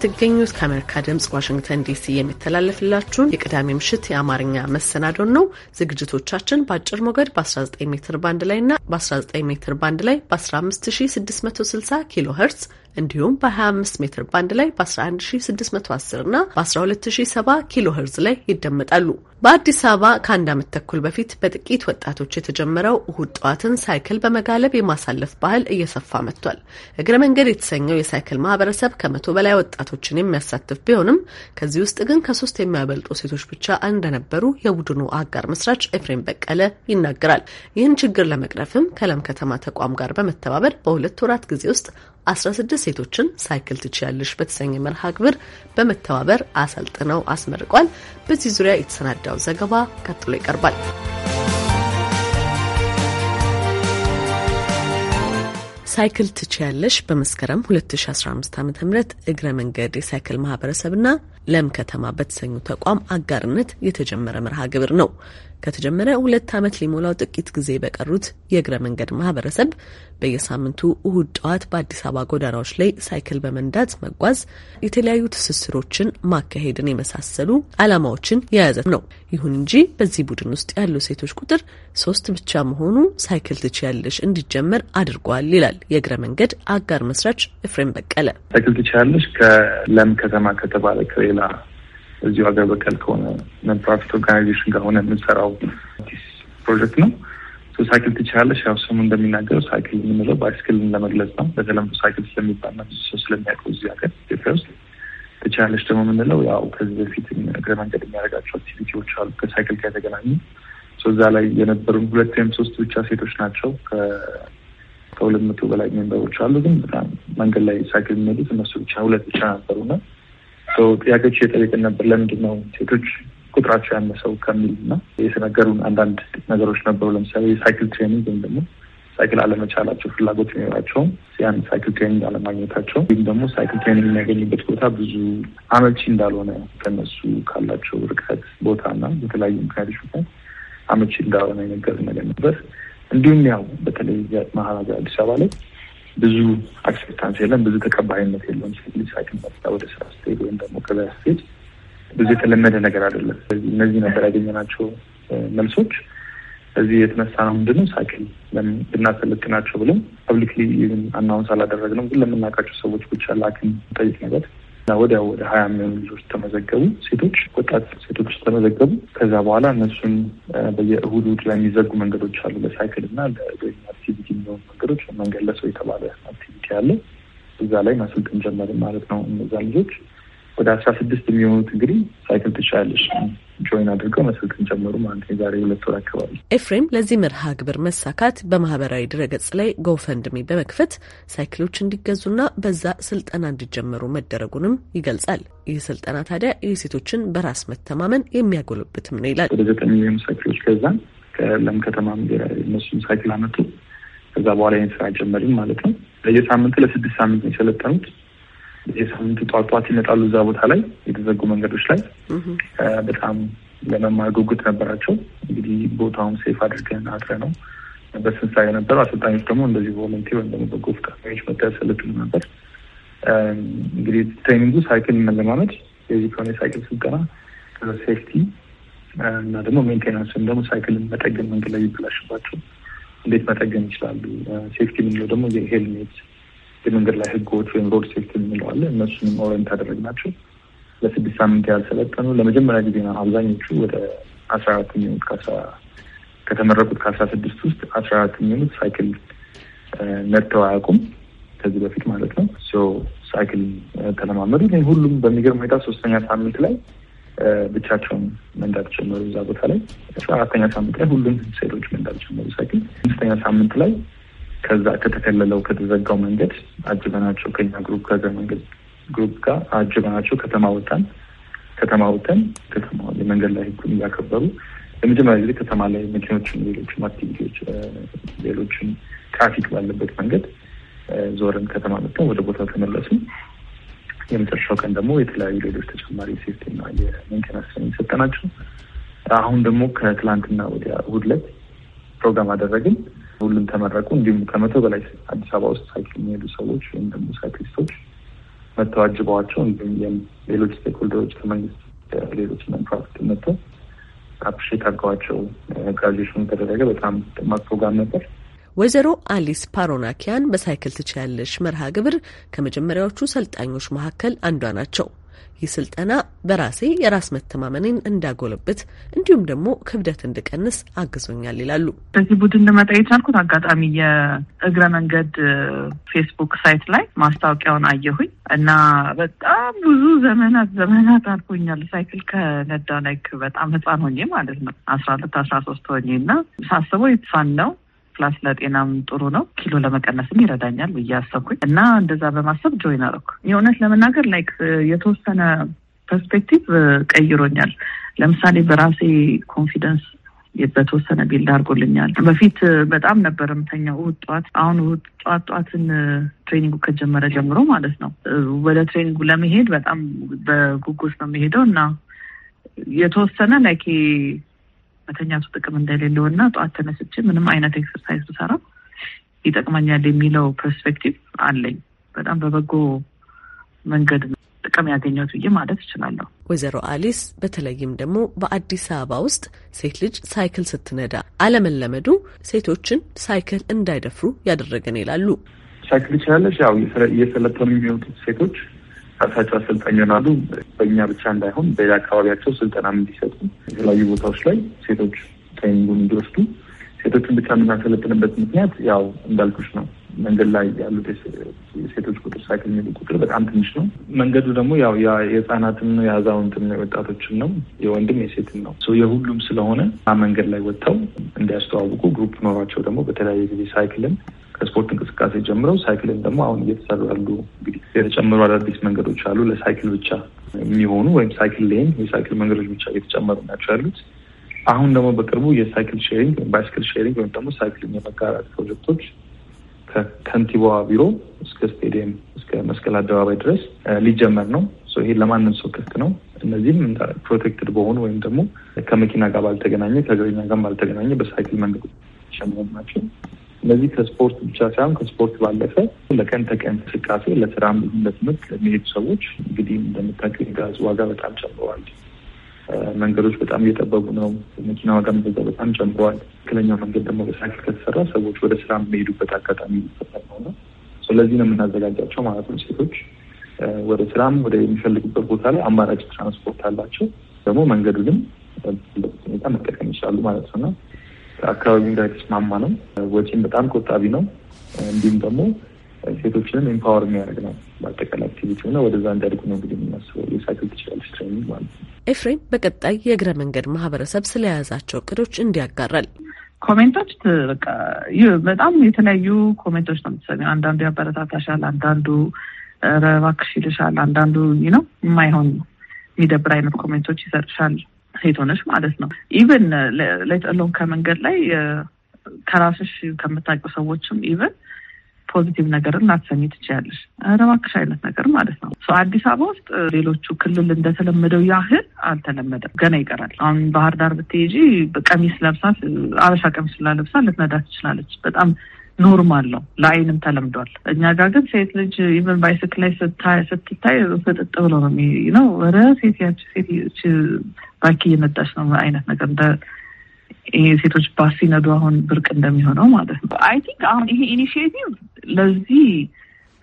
to የምትገኙት ከአሜሪካ ድምጽ ዋሽንግተን ዲሲ የሚተላለፍላችሁን የቅዳሜ ምሽት የአማርኛ መሰናዶን ነው። ዝግጅቶቻችን በአጭር ሞገድ በ19 ሜትር ባንድ ላይ እና በ19 ሜትር ባንድ ላይ በ15660 ኪሎ ሄርትስ እንዲሁም በ25 ሜትር ባንድ ላይ በ11610 እና በ12070 ኪሎ ሄርዝ ላይ ይደመጣሉ። በአዲስ አበባ ከአንድ ዓመት ተኩል በፊት በጥቂት ወጣቶች የተጀመረው እሁድ ጠዋትን ሳይክል በመጋለብ የማሳለፍ ባህል እየሰፋ መጥቷል። እግረ መንገድ የተሰኘው የሳይክል ማህበረሰብ ከመቶ በላይ ወጣቶች ሴቶችን የሚያሳትፍ ቢሆንም ከዚህ ውስጥ ግን ከሶስት የሚያበልጡ ሴቶች ብቻ እንደነበሩ የቡድኑ አጋር መስራች ኤፍሬም በቀለ ይናገራል። ይህን ችግር ለመቅረፍም ከለም ከተማ ተቋም ጋር በመተባበር በሁለት ወራት ጊዜ ውስጥ 16 ሴቶችን ሳይክል ትችያለሽ በተሰኘ መርሃ ግብር በመተባበር አሰልጥነው አስመርቋል። በዚህ ዙሪያ የተሰናዳው ዘገባ ቀጥሎ ይቀርባል። ሳይክል ትችያለሽ በመስከረም 2015 ዓ ም እግረ መንገድ የሳይክል ማህበረሰብና ለም ከተማ በተሰኙ ተቋም አጋርነት የተጀመረ መርሃ ግብር ነው። ከተጀመረ ሁለት ዓመት ሊሞላው ጥቂት ጊዜ በቀሩት የእግረ መንገድ ማህበረሰብ በየሳምንቱ እሁድ ጠዋት በአዲስ አበባ ጎዳናዎች ላይ ሳይክል በመንዳት መጓዝ፣ የተለያዩ ትስስሮችን ማካሄድን የመሳሰሉ ዓላማዎችን የያዘ ነው። ይሁን እንጂ በዚህ ቡድን ውስጥ ያሉ ሴቶች ቁጥር ሶስት ብቻ መሆኑ ሳይክል ትችያለሽ እንዲጀመር አድርጓል ይላል የእግረ መንገድ አጋር መስራች ኤፍሬም በቀለ። ሳይክል ትችያለሽ ከለም ከተማ ከተባለ ሌላ እዚሁ ሀገር በቀል ከሆነ ነን ፕሮፊት ኦርጋናይዜሽን ጋር ሆነ የምንሰራው አዲስ ፕሮጀክት ነው። ሳይክል ትችላለች። ያው ስሙ እንደሚናገረው ሳይክል የምንለው ባይስክልን ለመግለጽ ነው። በተለምዶ ሳይክል ስለሚባል ነው ሰው ስለሚያውቀው እዚህ ሀገር ኢትዮጵያ ውስጥ ትችላለች ደግሞ የምንለው ያው ከዚህ በፊት እግረ መንገድ የሚያደርጋቸው አክቲቪቲዎች አሉ ከሳይክል ጋር የተገናኙ እዛ ላይ የነበሩን ሁለት ወይም ሶስት ብቻ ሴቶች ናቸው። ከሁለት መቶ በላይ ሜምበሮች አሉ። ግን በጣም መንገድ ላይ ሳይክል የሚሄዱት እነሱ ብቻ ሁለት ብቻ ነበሩና ሰው ጥያቄዎች እየጠየቅን ነበር። ለምንድን ነው ሴቶች ቁጥራቸው ያነሰው ከሚል እና የተነገሩን አንዳንድ ነገሮች ነበሩ። ለምሳሌ የሳይክል ትሬኒንግ ወይም ደግሞ ሳይክል አለመቻላቸው፣ ፍላጎት የሚኖራቸውም ያን ሳይክል ትሬኒንግ አለማግኘታቸው ወይም ደግሞ ሳይክል ትሬኒንግ የሚያገኝበት ቦታ ብዙ አመቺ እንዳልሆነ ከነሱ ካላቸው ርቀት ቦታና በተለያዩ ምክንያቶች ምክንያት አመቺ እንዳልሆነ የነገር ነገር ነበር። እንዲሁም ያው በተለይ ማህበራዊ አዲስ አበባ ላይ ብዙ አክሴፕታንስ የለም፣ ብዙ ተቀባይነት የለውም። ሴት ልጅ ሳትመርጣ ወደ ስራ ስትሄድ ወይም ደግሞ ገበያ ስትሄድ ብዙ የተለመደ ነገር አይደለም። ስለዚህ እነዚህ ነበር ያገኘናቸው መልሶች። እዚህ የተነሳ ነው ምንድን ነው ሳይክል ብናሰለጥናቸው ብለን ፐብሊክሊ አናውንስ ነው ግን ለምናውቃቸው ሰዎች ብቻ ላክን ጠይቅ ነገር እና ወዲያው ወደ ሀያ የሚሆኑ ልጆች ተመዘገቡ። ሴቶች ወጣት ሴቶች ተመዘገቡ። ከዛ በኋላ እነሱን በየእሁድ እሁድ ላይ የሚዘጉ መንገዶች አሉ ለሳይክል እና ለእግረኛ የትኛውም ነገሮች መንገለሰው የተባለ አክቲቪቲ አለ። እዛ ላይ ማሰልጠን ጀመርን ማለት ነው። እነዛ ልጆች ወደ አስራ ስድስት የሚሆኑት እንግዲህ ሳይክል ትችላለች ጆይን አድርገው መሰልጠን ጀመሩ ማለት ነው። የዛሬ ሁለት ወር አካባቢ። ኤፍሬም ለዚህ መርሃ ግብር መሳካት በማህበራዊ ድረገጽ ላይ ጎፈንድሚ በመክፈት ሳይክሎች እንዲገዙና በዛ ስልጠና እንዲጀመሩ መደረጉንም ይገልጻል። ይህ ስልጠና ታዲያ የሴቶችን በራስ መተማመን የሚያጎለብትም ነው ይላል። ወደ ዘጠኝ የሚሆኑ ሳይክሎች ገዛን። ከለም ከተማ እነሱም ሳይክል አመጡ። ከዛ በኋላ ይህን ስራ አይጀመርም ማለት ነው። በየሳምንቱ ለስድስት ሳምንት ነው የሰለጠኑት። በየሳምንቱ ጠዋት ጠዋት ይመጣሉ እዛ ቦታ ላይ የተዘጉ መንገዶች ላይ በጣም ለመማር ጉጉት ነበራቸው። እንግዲህ ቦታውን ሴፍ አድርገን አድረ ነው በስንሳ የነበረው አሰልጣኞች ደግሞ እንደዚህ ቮለንቴር ወይም ደግሞ በጎ ፈቃደኞች መታያ ሰለጥኑ ነበር። እንግዲህ ትሬኒንጉ ሳይክል መለማመድ የዚህ ከሆነ የሳይክል ስልጠና ሴፍቲ እና ደግሞ ሜንቴናንስ ወይም ደግሞ ሳይክልን መጠገን መንገድ ላይ ይበላሽባቸው እንዴት መጠገን ይችላሉ። ሴፍቲ የምንለው ደግሞ የሄልሜት የመንገድ ላይ ህጎች ወይም ሮድ ሴፍቲ የምንለዋለ እነሱንም ኦሬንት አደረግናቸው። ለስድስት ሳምንት ያልሰለጠኑ ለመጀመሪያ ጊዜ ነው። አብዛኞቹ ወደ አስራ አራት የሚሆኑት ከአስራ ከተመረቁት ከአስራ ስድስት ውስጥ አስራ አራት የሚሆኑት ሳይክል ነድተው አያውቁም ከዚህ በፊት ማለት ነው። ሳይክል ተለማመዱ። ሁሉም በሚገርም ሁኔታ ሶስተኛ ሳምንት ላይ ብቻቸውን መንዳት ጀመሩ። እዛ ቦታ ላይ አራተኛ ሳምንት ላይ ሁሉም ሴቶች መንዳት ጀመሩ። ሳይክል አምስተኛ ሳምንት ላይ ከዛ ከተከለለው ከተዘጋው መንገድ አጅበናቸው ከኛ ግሩፕ ከዛ መንገድ ግሩፕ ጋር አጅበናቸው ከተማ ወጣን። ከተማ ወጥተን ከተማ የመንገድ ላይ ህጉን እያከበሩ ለመጀመሪያ ጊዜ ከተማ ላይ መኪኖችን፣ ሌሎችም አክቲቪቲዎች፣ ሌሎችም ትራፊክ ባለበት መንገድ ዞረን ከተማ መጥተን ወደ ቦታው ተመለሱ። የመጨረሻው ቀን ደግሞ የተለያዩ ሌሎች ተጨማሪ ሴፍቲ ሴፍቲና የሜንቴናንስ ሰጠናቸው። አሁን ደግሞ ከትላንትና ወዲያ እሑድ ዕለት ፕሮግራም አደረግን። ሁሉም ተመረቁ። እንዲሁም ከመቶ በላይ አዲስ አበባ ውስጥ ሳይክል የሚሄዱ ሰዎች ወይም ደግሞ ሳይክሊስቶች መጥተው አጅበዋቸው እንዲሁም ሌሎች ስቴክሆልደሮች ከመንግስት ሌሎች መንፕራክት መጥተው አፕሪሼት አድርገዋቸው ግራጁዌሽኑ ተደረገ። በጣም ደማቅ ፕሮግራም ነበር። ወይዘሮ አሊስ ፓሮናኪያን በሳይክል ትችያለሽ መርሃ ግብር ከመጀመሪያዎቹ ሰልጣኞች መካከል አንዷ ናቸው። ይህ ስልጠና በራሴ የራስ መተማመኔን እንዳጎለብት እንዲሁም ደግሞ ክብደት እንድቀንስ አግዞኛል ይላሉ። በዚህ ቡድን ልመጣ የቻልኩት አጋጣሚ የእግረ መንገድ ፌስቡክ ሳይት ላይ ማስታወቂያውን አየሁኝ እና በጣም ብዙ ዘመናት ዘመናት አልፎኛል ሳይክል ከነዳ ላይክ በጣም ህፃን ሆኜ ማለት ነው አስራ ሁለት አስራ ሶስት ሆኜ እና ሳስበው የተሳን ነው ፕላስ ለጤናም ጥሩ ነው፣ ኪሎ ለመቀነስም ይረዳኛል ብዬ አሰብኩኝ እና እንደዛ በማሰብ ጆይን አረኩ። የእውነት ለመናገር ላይክ የተወሰነ ፐርስፔክቲቭ ቀይሮኛል። ለምሳሌ በራሴ ኮንፊደንስ በተወሰነ ቢልድ አድርጎልኛል። በፊት በጣም ነበር የምተኛው እሑድ ጠዋት። አሁን እሑድ ጠዋት ጠዋትን ትሬኒንጉ ከጀመረ ጀምሮ ማለት ነው ወደ ትሬኒንጉ ለመሄድ በጣም በጉጉት ነው የሚሄደው እና የተወሰነ ላይክ መተኛቱ ጥቅም እንደሌለው እና ጠዋት ተነስቼ ምንም አይነት ኤክሰርሳይዝ ብሰራ ይጠቅመኛል የሚለው ፐርስፔክቲቭ አለኝ። በጣም በበጎ መንገድ ጥቅም ያገኘሁት ብዬ ማለት እችላለሁ። ወይዘሮ አሊስ በተለይም ደግሞ በአዲስ አበባ ውስጥ ሴት ልጅ ሳይክል ስትነዳ አለመለመዱ ሴቶችን ሳይክል እንዳይደፍሩ ያደረገን ይላሉ። ሳይክል ይችላለች። ያው እየሰለጠኑ የሚወጡት ሴቶች ራሳቸው አሰልጣኝ ይሆናሉ። በእኛ ብቻ እንዳይሆን አካባቢያቸው ስልጠናም እንዲሰጡ የተለያዩ ቦታዎች ላይ ሴቶች ትሬኒንጉን እንዲወስዱ ሴቶችን ብቻ የምናሰለጥንበት ምክንያት ያው እንዳልኩሽ ነው። መንገድ ላይ ያሉት የሴቶች ቁጥር ሳይክል ቁጥር በጣም ትንሽ ነው። መንገዱ ደግሞ ያው የህፃናትን የአዛውንትን፣ የወጣቶችን ነው የወንድም የሴትን ነው የሁሉም ስለሆነ መንገድ ላይ ወጥተው እንዲያስተዋውቁ ግሩፕ ኖሯቸው ደግሞ በተለያየ ጊዜ ሳይክልን ከስፖርት እንቅስቃሴ ጀምረው ሳይክልን ደግሞ አሁን እየተሰሩ ያሉ እንግዲህ የተጨመሩ አዳዲስ መንገዶች አሉ ለሳይክል ብቻ የሚሆኑ ወይም ሳይክል ሌን የሳይክል መንገዶች ብቻ እየተጨመሩ ናቸው ያሉት። አሁን ደግሞ በቅርቡ የሳይክል ሼሪንግ ወይም ባይስክል ሼሪንግ ወይም ደግሞ ሳይክልን የመጋራት ፕሮጀክቶች ከከንቲባዋ ቢሮ እስከ ስቴዲየም እስከ መስቀል አደባባይ ድረስ ሊጀመር ነው። ይሄ ለማንም ሰው ክፍት ነው። እነዚህም ፕሮቴክትድ በሆኑ ወይም ደግሞ ከመኪና ጋር ባልተገናኘ ከእግረኛ ጋር ባልተገናኘ በሳይክል መንገዶች ናቸው። ስለዚህ ከስፖርት ብቻ ሳይሆን ከስፖርት ባለፈ ለቀን ተቀን እንቅስቃሴ ለስራም ለትምህርት ለሚሄዱ ሰዎች እንግዲህ እንደምታውቀው የጋዝ ዋጋ በጣም ጨምረዋል። መንገዶች በጣም እየጠበቡ ነው። መኪና ዋጋ መገዛ በጣም ጨምረዋል። ትክክለኛው መንገድ ደግሞ በሳይክል ከተሰራ ሰዎች ወደ ስራ የሚሄዱበት አጋጣሚ ሊፈጠር ነው ነው ስለዚህ ነው የምናዘጋጃቸው ማለት ነው። ሴቶች ወደ ስራም ወደ የሚፈልጉበት ቦታ ላይ አማራጭ ትራንስፖርት አላቸው። ደግሞ መንገዱንም ሁኔታ መጠቀም ይችላሉ ማለት ነው። አካባቢ ጋር የተስማማ ነው። ወጪም በጣም ቆጣቢ ነው። እንዲሁም ደግሞ ሴቶችንም ኤምፓወር የሚያደርግ ነው። በአጠቃላይ አክቲቪቲ ሆነ ወደዛ እንዲያድጉ ነው እንግዲህ የምናስበው የሳይክል ትችላለች ትሬኒንግ ማለት ነው። ኤፍሬም በቀጣይ የእግረ መንገድ ማህበረሰብ ስለያዛቸው እቅዶች እንዲያጋራል። ኮሜንቶች በቃ በጣም የተለያዩ ኮሜንቶች ነው የምትሰሚው። አንዳንዱ ያበረታታሻል፣ አንዳንዱ እባክሽ ይልሻል፣ አንዳንዱ ነው የማይሆን የሚደብር አይነት ኮሜንቶች ይሰጥሻል። ሴት ሆነሽ ማለት ነው። ኢቨን ሌትሎን ከመንገድ ላይ ከራስሽ ከምታውቂው ሰዎችም ኢቨን ፖዚቲቭ ነገርን ላትሰሚ ትችያለሽ። ኧረ አይነት ነገር ማለት ነው። አዲስ አበባ ውስጥ ሌሎቹ ክልል እንደተለመደው ያህል አልተለመደም፣ ገና ይቀራል። አሁን ባህር ዳር ብትሄጂ ቀሚስ ለብሳት አበሻ ቀሚስ ላለብሳ ልትነዳ ትችላለች። በጣም ኖርማል ነው፣ ለአይንም ተለምዷል። እኛ ጋር ግን ሴት ልጅ ኢቨን ባይስክል ላይ ስትታይ ፍጥጥ ብሎ ነው ነው ረ ሴት ያች ሴት ባኪ እየመጣች ነው አይነት ነገር እንደ ሴቶች ባስ ሲነዱ አሁን ብርቅ እንደሚሆነው ማለት ነው። አይ ቲንክ አሁን ይሄ ኢኒሽቲቭ ለዚህ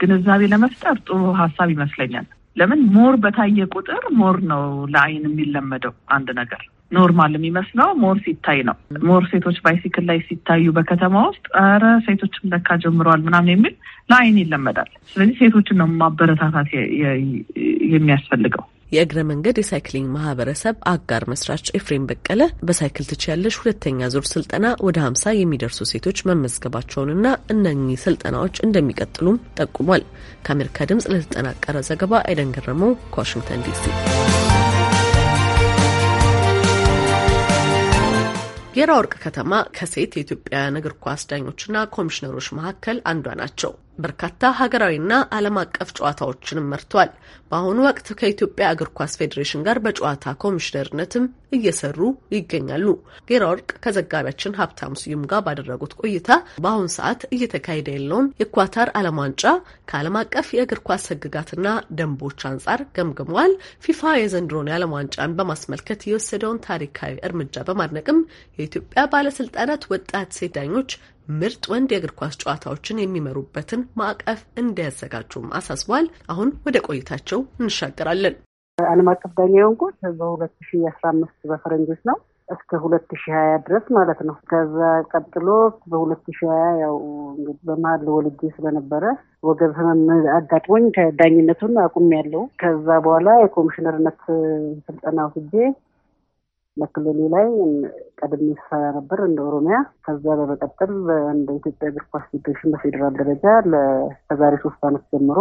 ግንዛቤ ለመፍጠር ጥሩ ሀሳብ ይመስለኛል። ለምን ሞር በታየ ቁጥር ሞር ነው ለአይን የሚለመደው አንድ ነገር ኖርማል የሚመስለው ሞር ሲታይ ነው። ሞር ሴቶች ባይሲክል ላይ ሲታዩ በከተማ ውስጥ ኧረ ሴቶችም ለካ ጀምረዋል ምናምን የሚል ለአይን ይለመዳል። ስለዚህ ሴቶችን ነው ማበረታታት የሚያስፈልገው። የእግረ መንገድ የሳይክሊንግ ማህበረሰብ አጋር መስራች ኤፍሬም በቀለ በሳይክል ትችያለሽ ሁለተኛ ዙር ስልጠና ወደ ሀምሳ የሚደርሱ ሴቶች መመዝገባቸውንና እነኚህ ስልጠናዎች እንደሚቀጥሉም ጠቁሟል። ከአሜሪካ ድምጽ ለተጠናቀረ ዘገባ አይደን ገረመው ከዋሽንግተን ዲሲ ጌራ ወርቅ ከተማ ከሴት የኢትዮጵያውያን እግር ኳስ ዳኞችና ኮሚሽነሮች መካከል አንዷ ናቸው። በርካታ ሀገራዊና ዓለም አቀፍ ጨዋታዎችንም መርቷል። በአሁኑ ወቅት ከኢትዮጵያ እግር ኳስ ፌዴሬሽን ጋር በጨዋታ ኮሚሽነርነትም እየሰሩ ይገኛሉ። ጌራ ወርቅ ከዘጋቢያችን ሀብታም ስዩም ጋር ባደረጉት ቆይታ በአሁኑ ሰዓት እየተካሄደ ያለውን የኳታር ዓለም ዋንጫ ከዓለም አቀፍ የእግር ኳስ ሕግጋትና ደንቦች አንጻር ገምግመዋል። ፊፋ የዘንድሮን የዓለም ዋንጫን በማስመልከት የወሰደውን ታሪካዊ እርምጃ በማድነቅም የኢትዮጵያ ባለስልጣናት ወጣት ሴት ዳኞች ምርጥ ወንድ የእግር ኳስ ጨዋታዎችን የሚመሩበትን ማዕቀፍ እንዲያዘጋጁም አሳስቧል። አሁን ወደ ቆይታቸው እንሻገራለን። ዓለም አቀፍ ዳኛ የሆንኩት በሁለት ሺ አስራ አምስት በፈረንጆች ነው እስከ ሁለት ሺ ሀያ ድረስ ማለት ነው። ከዛ ቀጥሎ በሁለት ሺ ሀያ ያው እንግዲህ በመሀል ወልጄ ስለነበረ ወገብ ህመም አጋጥሞኝ ከዳኝነቱን አቁሜያለሁ። ከዛ በኋላ የኮሚሽነርነት ስልጠና ወስጄ ለክልሉ ላይ ቀድም ስሰራ ነበር እንደ ኦሮሚያ። ከዛ በመቀጠል እንደ ኢትዮጵያ እግር ኳስ ፌዴሬሽን በፌዴራል ደረጃ ከዛሬ ሶስት አመት ጀምሮ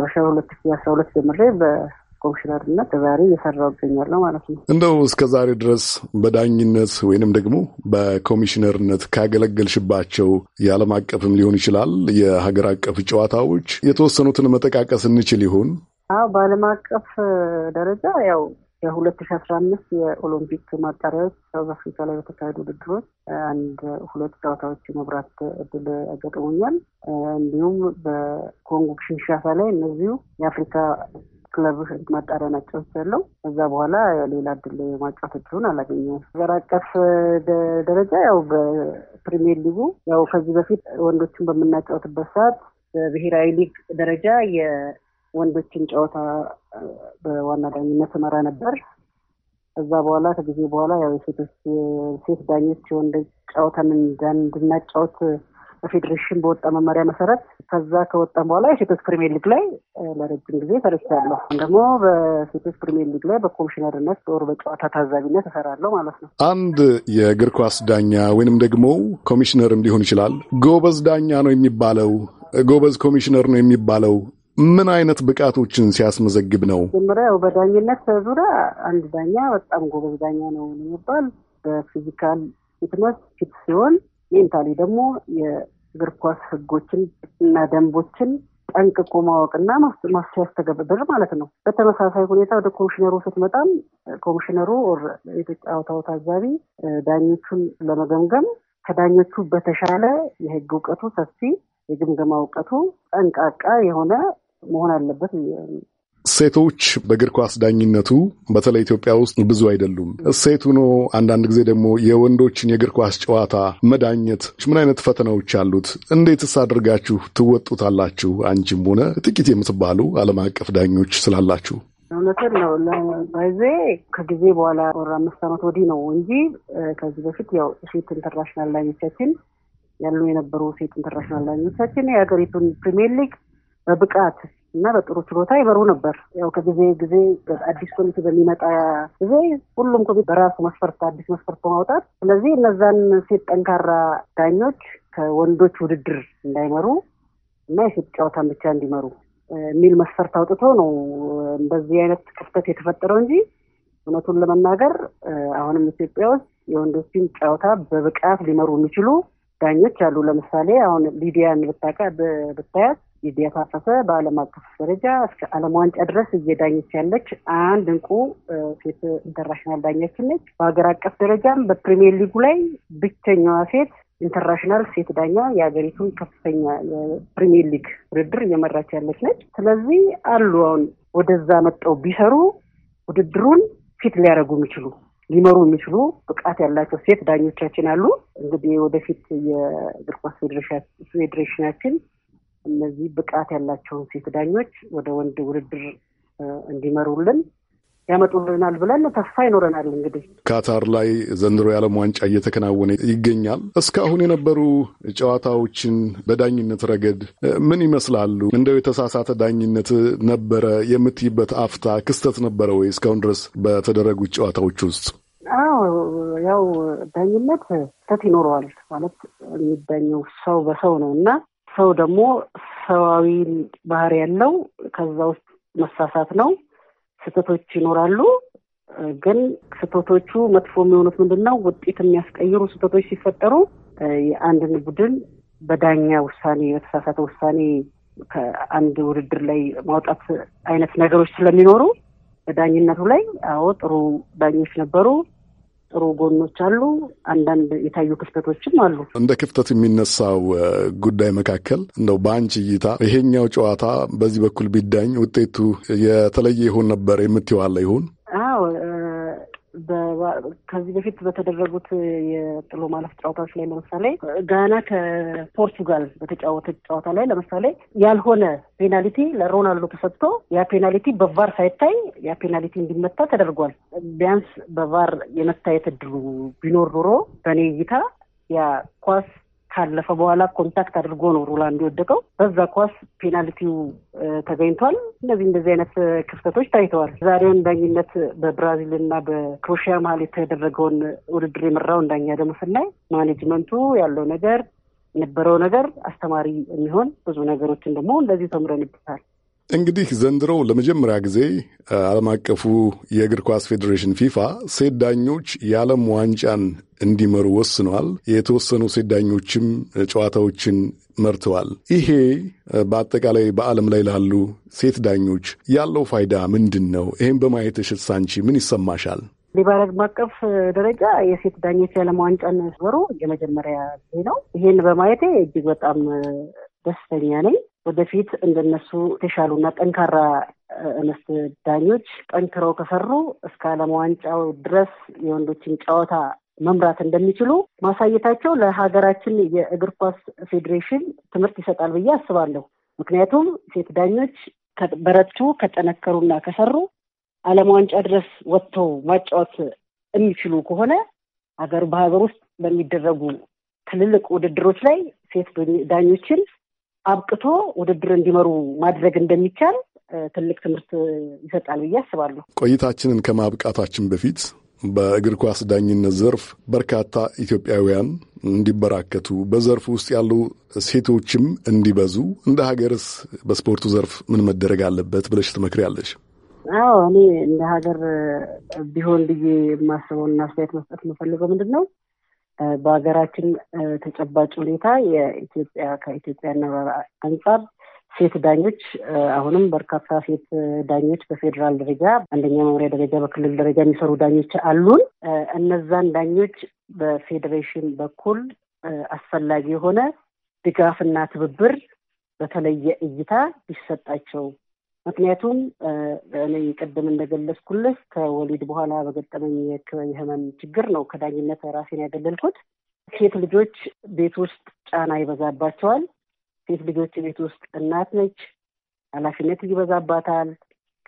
አበሻ ሁለት ሺ አስራ ሁለት ጀምሬ በኮሚሽነርነት ዛሬ እየሰራው እገኛለሁ ማለት ነው። እንደው እስከ ዛሬ ድረስ በዳኝነት ወይንም ደግሞ በኮሚሽነርነት ካገለገልሽባቸው የዓለም አቀፍም ሊሆን ይችላል የሀገር አቀፍ ጨዋታዎች የተወሰኑትን መጠቃቀስ እንችል ይሆን? አዎ በዓለም አቀፍ ደረጃ ያው በሁለት ሺ አስራ አምስት የኦሎምፒክ ማጣሪያዎች ሳውዝ አፍሪካ ላይ በተካሄዱ ውድድሮች አንድ ሁለት ጨዋታዎች የመብራት እድል አጋጥሞኛል። እንዲሁም በኮንጎ ኪንሻሳ ላይ እነዚሁ የአፍሪካ ክለብ ማጣሪያ ናቸው ያለው። ከዛ በኋላ ሌላ እድል የማጫወት እድሉን አላገኘሁም። ሀገር አቀፍ ደረጃ ያው በፕሪሚየር ሊጉ ያው ከዚህ በፊት ወንዶችን በምናጫወትበት ሰዓት በብሔራዊ ሊግ ደረጃ ወንዶችን ጨዋታ በዋና ዳኝነት እመራ ነበር። እዛ በኋላ ከጊዜ በኋላ ያው ሴቶች ሴት ዳኞች ወንዶች ጨዋታን እንድናጫወት በፌዴሬሽን በወጣ መመሪያ መሰረት ከዛ ከወጣም በኋላ የሴቶች ፕሪሚየር ሊግ ላይ ለረጅም ጊዜ ሰርቻለሁ። ደግሞ በሴቶች ፕሪሚየር ሊግ ላይ በኮሚሽነርነት ጦር በጨዋታ ታዛቢነት እሰራለሁ ማለት ነው። አንድ የእግር ኳስ ዳኛ ወይንም ደግሞ ኮሚሽነርም ሊሆን ይችላል ጎበዝ ዳኛ ነው የሚባለው፣ ጎበዝ ኮሚሽነር ነው የሚባለው ምን አይነት ብቃቶችን ሲያስመዘግብ ነው? ያው በዳኝነት ዙሪያ አንድ ዳኛ በጣም ጎበዝ ዳኛ ነው የሚባል በፊዚካል ፊትነስ ፊት ሲሆን ሜንታሊ ደግሞ የእግር ኳስ ህጎችን እና ደንቦችን ጠንቅቆ ማወቅና ማስያስተገብር ማለት ነው። በተመሳሳይ ሁኔታ ወደ ኮሚሽነሩ ስትመጣም ኮሚሽነሩ የተጫወታው ታዛቢ ዳኞቹን ለመገምገም ከዳኞቹ በተሻለ የህግ እውቀቱ ሰፊ የግምገማ እውቀቱ ጠንቃቃ የሆነ መሆን አለበት። ሴቶች በእግር ኳስ ዳኝነቱ በተለይ ኢትዮጵያ ውስጥ ብዙ አይደሉም። ሴት ሆኖ አንዳንድ ጊዜ ደግሞ የወንዶችን የእግር ኳስ ጨዋታ መዳኘት ምን አይነት ፈተናዎች አሉት? እንዴትስ አድርጋችሁ ትወጡታላችሁ? አንቺም ሆነ ጥቂት የምትባሉ ዓለም አቀፍ ዳኞች ስላላችሁ። እውነትን ነው ባይዜ ከጊዜ በኋላ ወር አምስት ዓመት ወዲህ ነው እንጂ ከዚህ በፊት ያው ሴት ኢንተርናሽናል ዳኞቻችን ያሉ የነበሩ ሴት ኢንተርናሽናል ዳኞቻችን የሀገሪቱን ፕሪሚየር ሊግ በብቃት እና በጥሩ ችሎታ ይበሩ ነበር። ያው ከጊዜ ጊዜ አዲስ ኮሚቴ በሚመጣ ጊዜ ሁሉም ኮሚቴ በራሱ መስፈርት አዲስ መስፈርት በማውጣት ስለዚህ እነዛን ሴት ጠንካራ ዳኞች ከወንዶች ውድድር እንዳይመሩ እና የሴት ጨዋታን ብቻ እንዲመሩ የሚል መስፈርት አውጥቶ ነው እንደዚህ አይነት ክፍተት የተፈጠረው እንጂ እውነቱን ለመናገር አሁንም ኢትዮጵያ ውስጥ የወንዶችን ጨዋታ በብቃት ሊመሩ የሚችሉ ዳኞች አሉ። ለምሳሌ አሁን ሊዲያን ብታቃ ብታያት ሊዲያ በአለም በዓለም አቀፍ ደረጃ እስከ ዓለም ዋንጫ ድረስ እየዳኘች ያለች አንድ እንቁ ሴት ኢንተርናሽናል ዳኛችን ነች። በሀገር አቀፍ ደረጃም በፕሪሚየር ሊጉ ላይ ብቸኛዋ ሴት ኢንተርናሽናል ሴት ዳኛ የሀገሪቱን ከፍተኛ የፕሪሚየር ሊግ ውድድር እየመራች ያለች ነች። ስለዚህ አሉ አሁን ወደዛ መጠው ቢሰሩ ውድድሩን ፊት ሊያደርጉ የሚችሉ ሊመሩ የሚችሉ ብቃት ያላቸው ሴት ዳኞቻችን አሉ። እንግዲህ ወደፊት የእግር ኳስ ፌዴሬሽናችን እነዚህ ብቃት ያላቸውን ሴት ዳኞች ወደ ወንድ ውድድር እንዲመሩልን ያመጡልናል ብለን ተስፋ ይኖረናል። እንግዲህ ካታር ላይ ዘንድሮ የዓለም ዋንጫ እየተከናወነ ይገኛል። እስካሁን የነበሩ ጨዋታዎችን በዳኝነት ረገድ ምን ይመስላሉ? እንደው የተሳሳተ ዳኝነት ነበረ የምትይበት አፍታ ክስተት ነበረ ወይ እስካሁን ድረስ በተደረጉት ጨዋታዎች ውስጥ? አዎ ያው ዳኝነት ክስተት ይኖረዋል ማለት የሚዳኘው ሰው በሰው ነው እና ሰው ደግሞ ሰዋዊ ባህሪ ያለው ከዛ ውስጥ መሳሳት ነው። ስህተቶች ይኖራሉ። ግን ስህተቶቹ መጥፎ የሚሆኑት ምንድን ነው? ውጤት የሚያስቀይሩ ስህተቶች ሲፈጠሩ የአንድን ቡድን በዳኛ ውሳኔ በተሳሳተ ውሳኔ ከአንድ ውድድር ላይ ማውጣት አይነት ነገሮች ስለሚኖሩ በዳኝነቱ ላይ አዎ ጥሩ ዳኞች ነበሩ፣ ጥሩ ጎኖች አሉ። አንዳንድ የታዩ ክፍተቶችም አሉ። እንደ ክፍተት የሚነሳው ጉዳይ መካከል እንደው በአንቺ እይታ ይሄኛው ጨዋታ በዚህ በኩል ቢዳኝ ውጤቱ የተለየ ይሆን ነበር የምትይው ይሆን? አዎ ከዚህ በፊት በተደረጉት የጥሎ ማለፍ ጨዋታዎች ላይ ለምሳሌ ጋና ከፖርቱጋል በተጫወተ ጨዋታ ላይ ለምሳሌ ያልሆነ ፔናልቲ ለሮናልዶ ተሰጥቶ ያ ፔናልቲ በቫር ሳይታይ ያ ፔናልቲ እንዲመታ ተደርጓል። ቢያንስ በቫር የመታየት እድሉ ቢኖር ኖሮ በእኔ እይታ ያ ኳስ ካለፈ በኋላ ኮንታክት አድርጎ ነው ሮላንድ የወደቀው። በዛ ኳስ ፔናልቲው ተገኝቷል። እነዚህ እንደዚህ አይነት ክፍተቶች ታይተዋል። ዛሬውን ዳኝነት በብራዚል እና በክሮሽያ መሀል የተደረገውን ውድድር የመራውን ዳኛ ደግሞ ስናይ ማኔጅመንቱ ያለው ነገር የነበረው ነገር አስተማሪ የሚሆን ብዙ ነገሮችን ደግሞ እንደዚህ ተምረንበታል። እንግዲህ ዘንድሮ ለመጀመሪያ ጊዜ ዓለም አቀፉ የእግር ኳስ ፌዴሬሽን ፊፋ ሴት ዳኞች የዓለም ዋንጫን እንዲመሩ ወስነዋል። የተወሰኑ ሴት ዳኞችም ጨዋታዎችን መርተዋል። ይሄ በአጠቃላይ በዓለም ላይ ላሉ ሴት ዳኞች ያለው ፋይዳ ምንድን ነው? ይህም በማየት ሽሳንቺ ምን ይሰማሻል? እንዲህ በዓለም አቀፍ ደረጃ የሴት ዳኞች የዓለም ዋንጫን ሲመሩ የመጀመሪያ ጊዜ ነው። ይህን በማየቴ እጅግ በጣም ደስተኛ ነኝ። ወደፊት እንደነሱ የተሻሉና ጠንካራ እንስት ዳኞች ጠንክረው ከሰሩ እስከ ዓለም ዋንጫው ድረስ የወንዶችን ጨዋታ መምራት እንደሚችሉ ማሳየታቸው ለሀገራችን የእግር ኳስ ፌዴሬሽን ትምህርት ይሰጣል ብዬ አስባለሁ። ምክንያቱም ሴት ዳኞች ከበረቱ ከጠነከሩና ከሰሩ ዓለም ዋንጫ ድረስ ወጥተው ማጫወት የሚችሉ ከሆነ ሀገር በሀገር ውስጥ በሚደረጉ ትልልቅ ውድድሮች ላይ ሴት ዳኞችን አብቅቶ ውድድር እንዲመሩ ማድረግ እንደሚቻል ትልቅ ትምህርት ይሰጣል ብዬ አስባለሁ። ቆይታችንን ከማብቃታችን በፊት በእግር ኳስ ዳኝነት ዘርፍ በርካታ ኢትዮጵያውያን እንዲበራከቱ በዘርፍ ውስጥ ያሉ ሴቶችም እንዲበዙ እንደ ሀገርስ በስፖርቱ ዘርፍ ምን መደረግ አለበት ብለሽ ትመክሪያለሽ? አዎ እኔ እንደ ሀገር ቢሆን ብዬ የማስበውና አስተያየት መስጠት የምፈልገው ምንድን ነው በሀገራችን ተጨባጭ ሁኔታ የኢትዮጵያ ከኢትዮጵያ አነባበር አንጻር ሴት ዳኞች አሁንም በርካታ ሴት ዳኞች በፌዴራል ደረጃ አንደኛ መምሪያ ደረጃ በክልል ደረጃ የሚሰሩ ዳኞች አሉን። እነዛን ዳኞች በፌዴሬሽን በኩል አስፈላጊ የሆነ ድጋፍና ትብብር በተለየ እይታ ቢሰጣቸው ምክንያቱም እኔ ቅድም እንደገለጽኩልህ ከወሊድ በኋላ በገጠመኝ የህመም ችግር ነው ከዳኝነት ራሴን ያገለልኩት። ሴት ልጆች ቤት ውስጥ ጫና ይበዛባቸዋል። ሴት ልጆች ቤት ውስጥ እናት ነች፣ ኃላፊነት ይበዛባታል።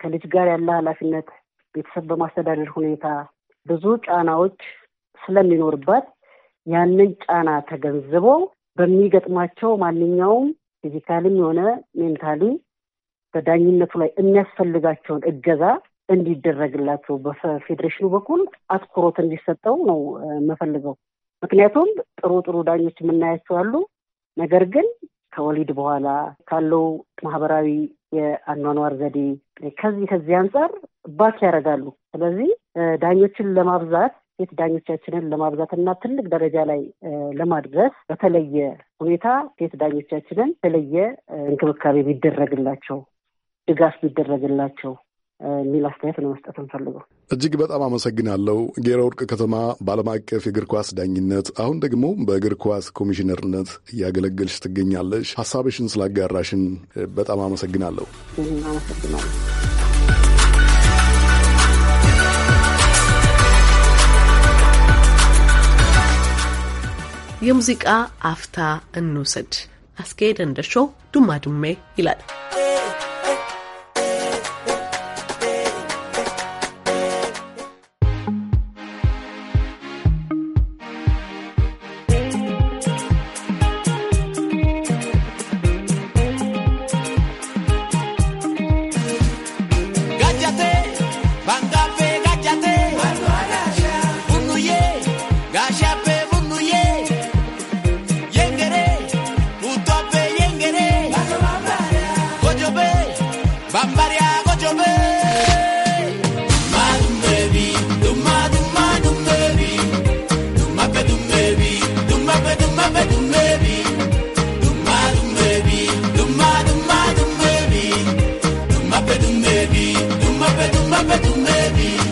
ከልጅ ጋር ያለ ኃላፊነት ቤተሰብ በማስተዳደር ሁኔታ ብዙ ጫናዎች ስለሚኖርባት ያንን ጫና ተገንዝበው በሚገጥማቸው ማንኛውም ፊዚካሊም የሆነ ሜንታሊም በዳኝነቱ ላይ የሚያስፈልጋቸውን እገዛ እንዲደረግላቸው በፌዴሬሽኑ በኩል አትኩሮት እንዲሰጠው ነው የምፈልገው። ምክንያቱም ጥሩ ጥሩ ዳኞች የምናያቸው አሉ። ነገር ግን ከወሊድ በኋላ ካለው ማህበራዊ የአኗኗር ዘዴ ከዚህ ከዚህ አንጻር ባክ ያደርጋሉ። ስለዚህ ዳኞችን ለማብዛት ሴት ዳኞቻችንን ለማብዛት እና ትልቅ ደረጃ ላይ ለማድረስ በተለየ ሁኔታ ሴት ዳኞቻችንን የተለየ እንክብካቤ ቢደረግላቸው ድጋፍ ቢደረግላቸው የሚል አስተያየት ለመስጠት እንፈልገው። እጅግ በጣም አመሰግናለሁ። ጌራ ወርቅ ከተማ በዓለም አቀፍ የእግር ኳስ ዳኝነት፣ አሁን ደግሞ በእግር ኳስ ኮሚሽነርነት እያገለገልሽ ትገኛለሽ። ሀሳብሽን ስላጋራሽን በጣም አመሰግናለሁ። አመሰግናለሁ። የሙዚቃ አፍታ እንውሰድ። አስካሄደ እንደሾው ዱማዱሜ ይላል። Me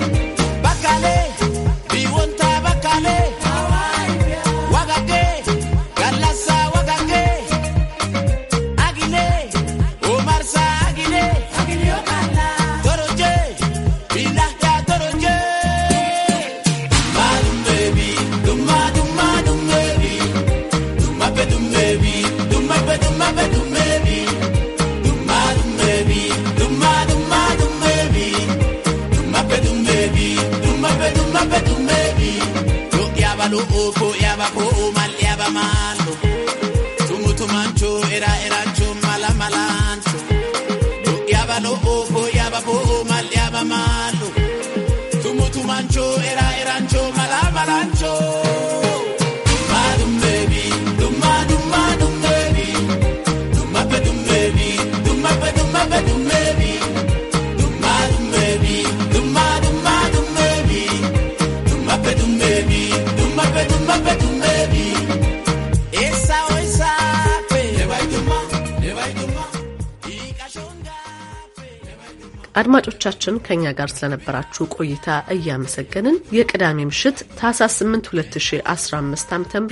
አድማጮቻችን ከእኛ ጋር ስለነበራችሁ ቆይታ እያመሰገንን የቅዳሜ ምሽት ታህሳስ 8 2015 ዓ ም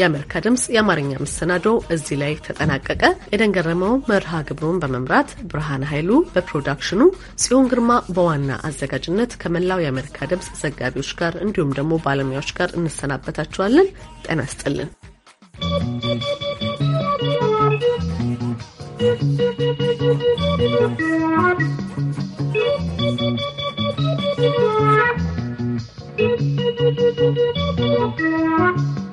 የአሜሪካ ድምፅ የአማርኛ መሰናዶ እዚህ ላይ ተጠናቀቀ። ኤደን ገረመው መርሃ ግብሩን በመምራት ብርሃን ኃይሉ በፕሮዳክሽኑ ጽዮን ግርማ በዋና አዘጋጅነት ከመላው የአሜሪካ ድምፅ ዘጋቢዎች ጋር እንዲሁም ደግሞ ባለሙያዎች ጋር እንሰናበታችኋለን። ጤና ስጥልን። Thank you. Thank you.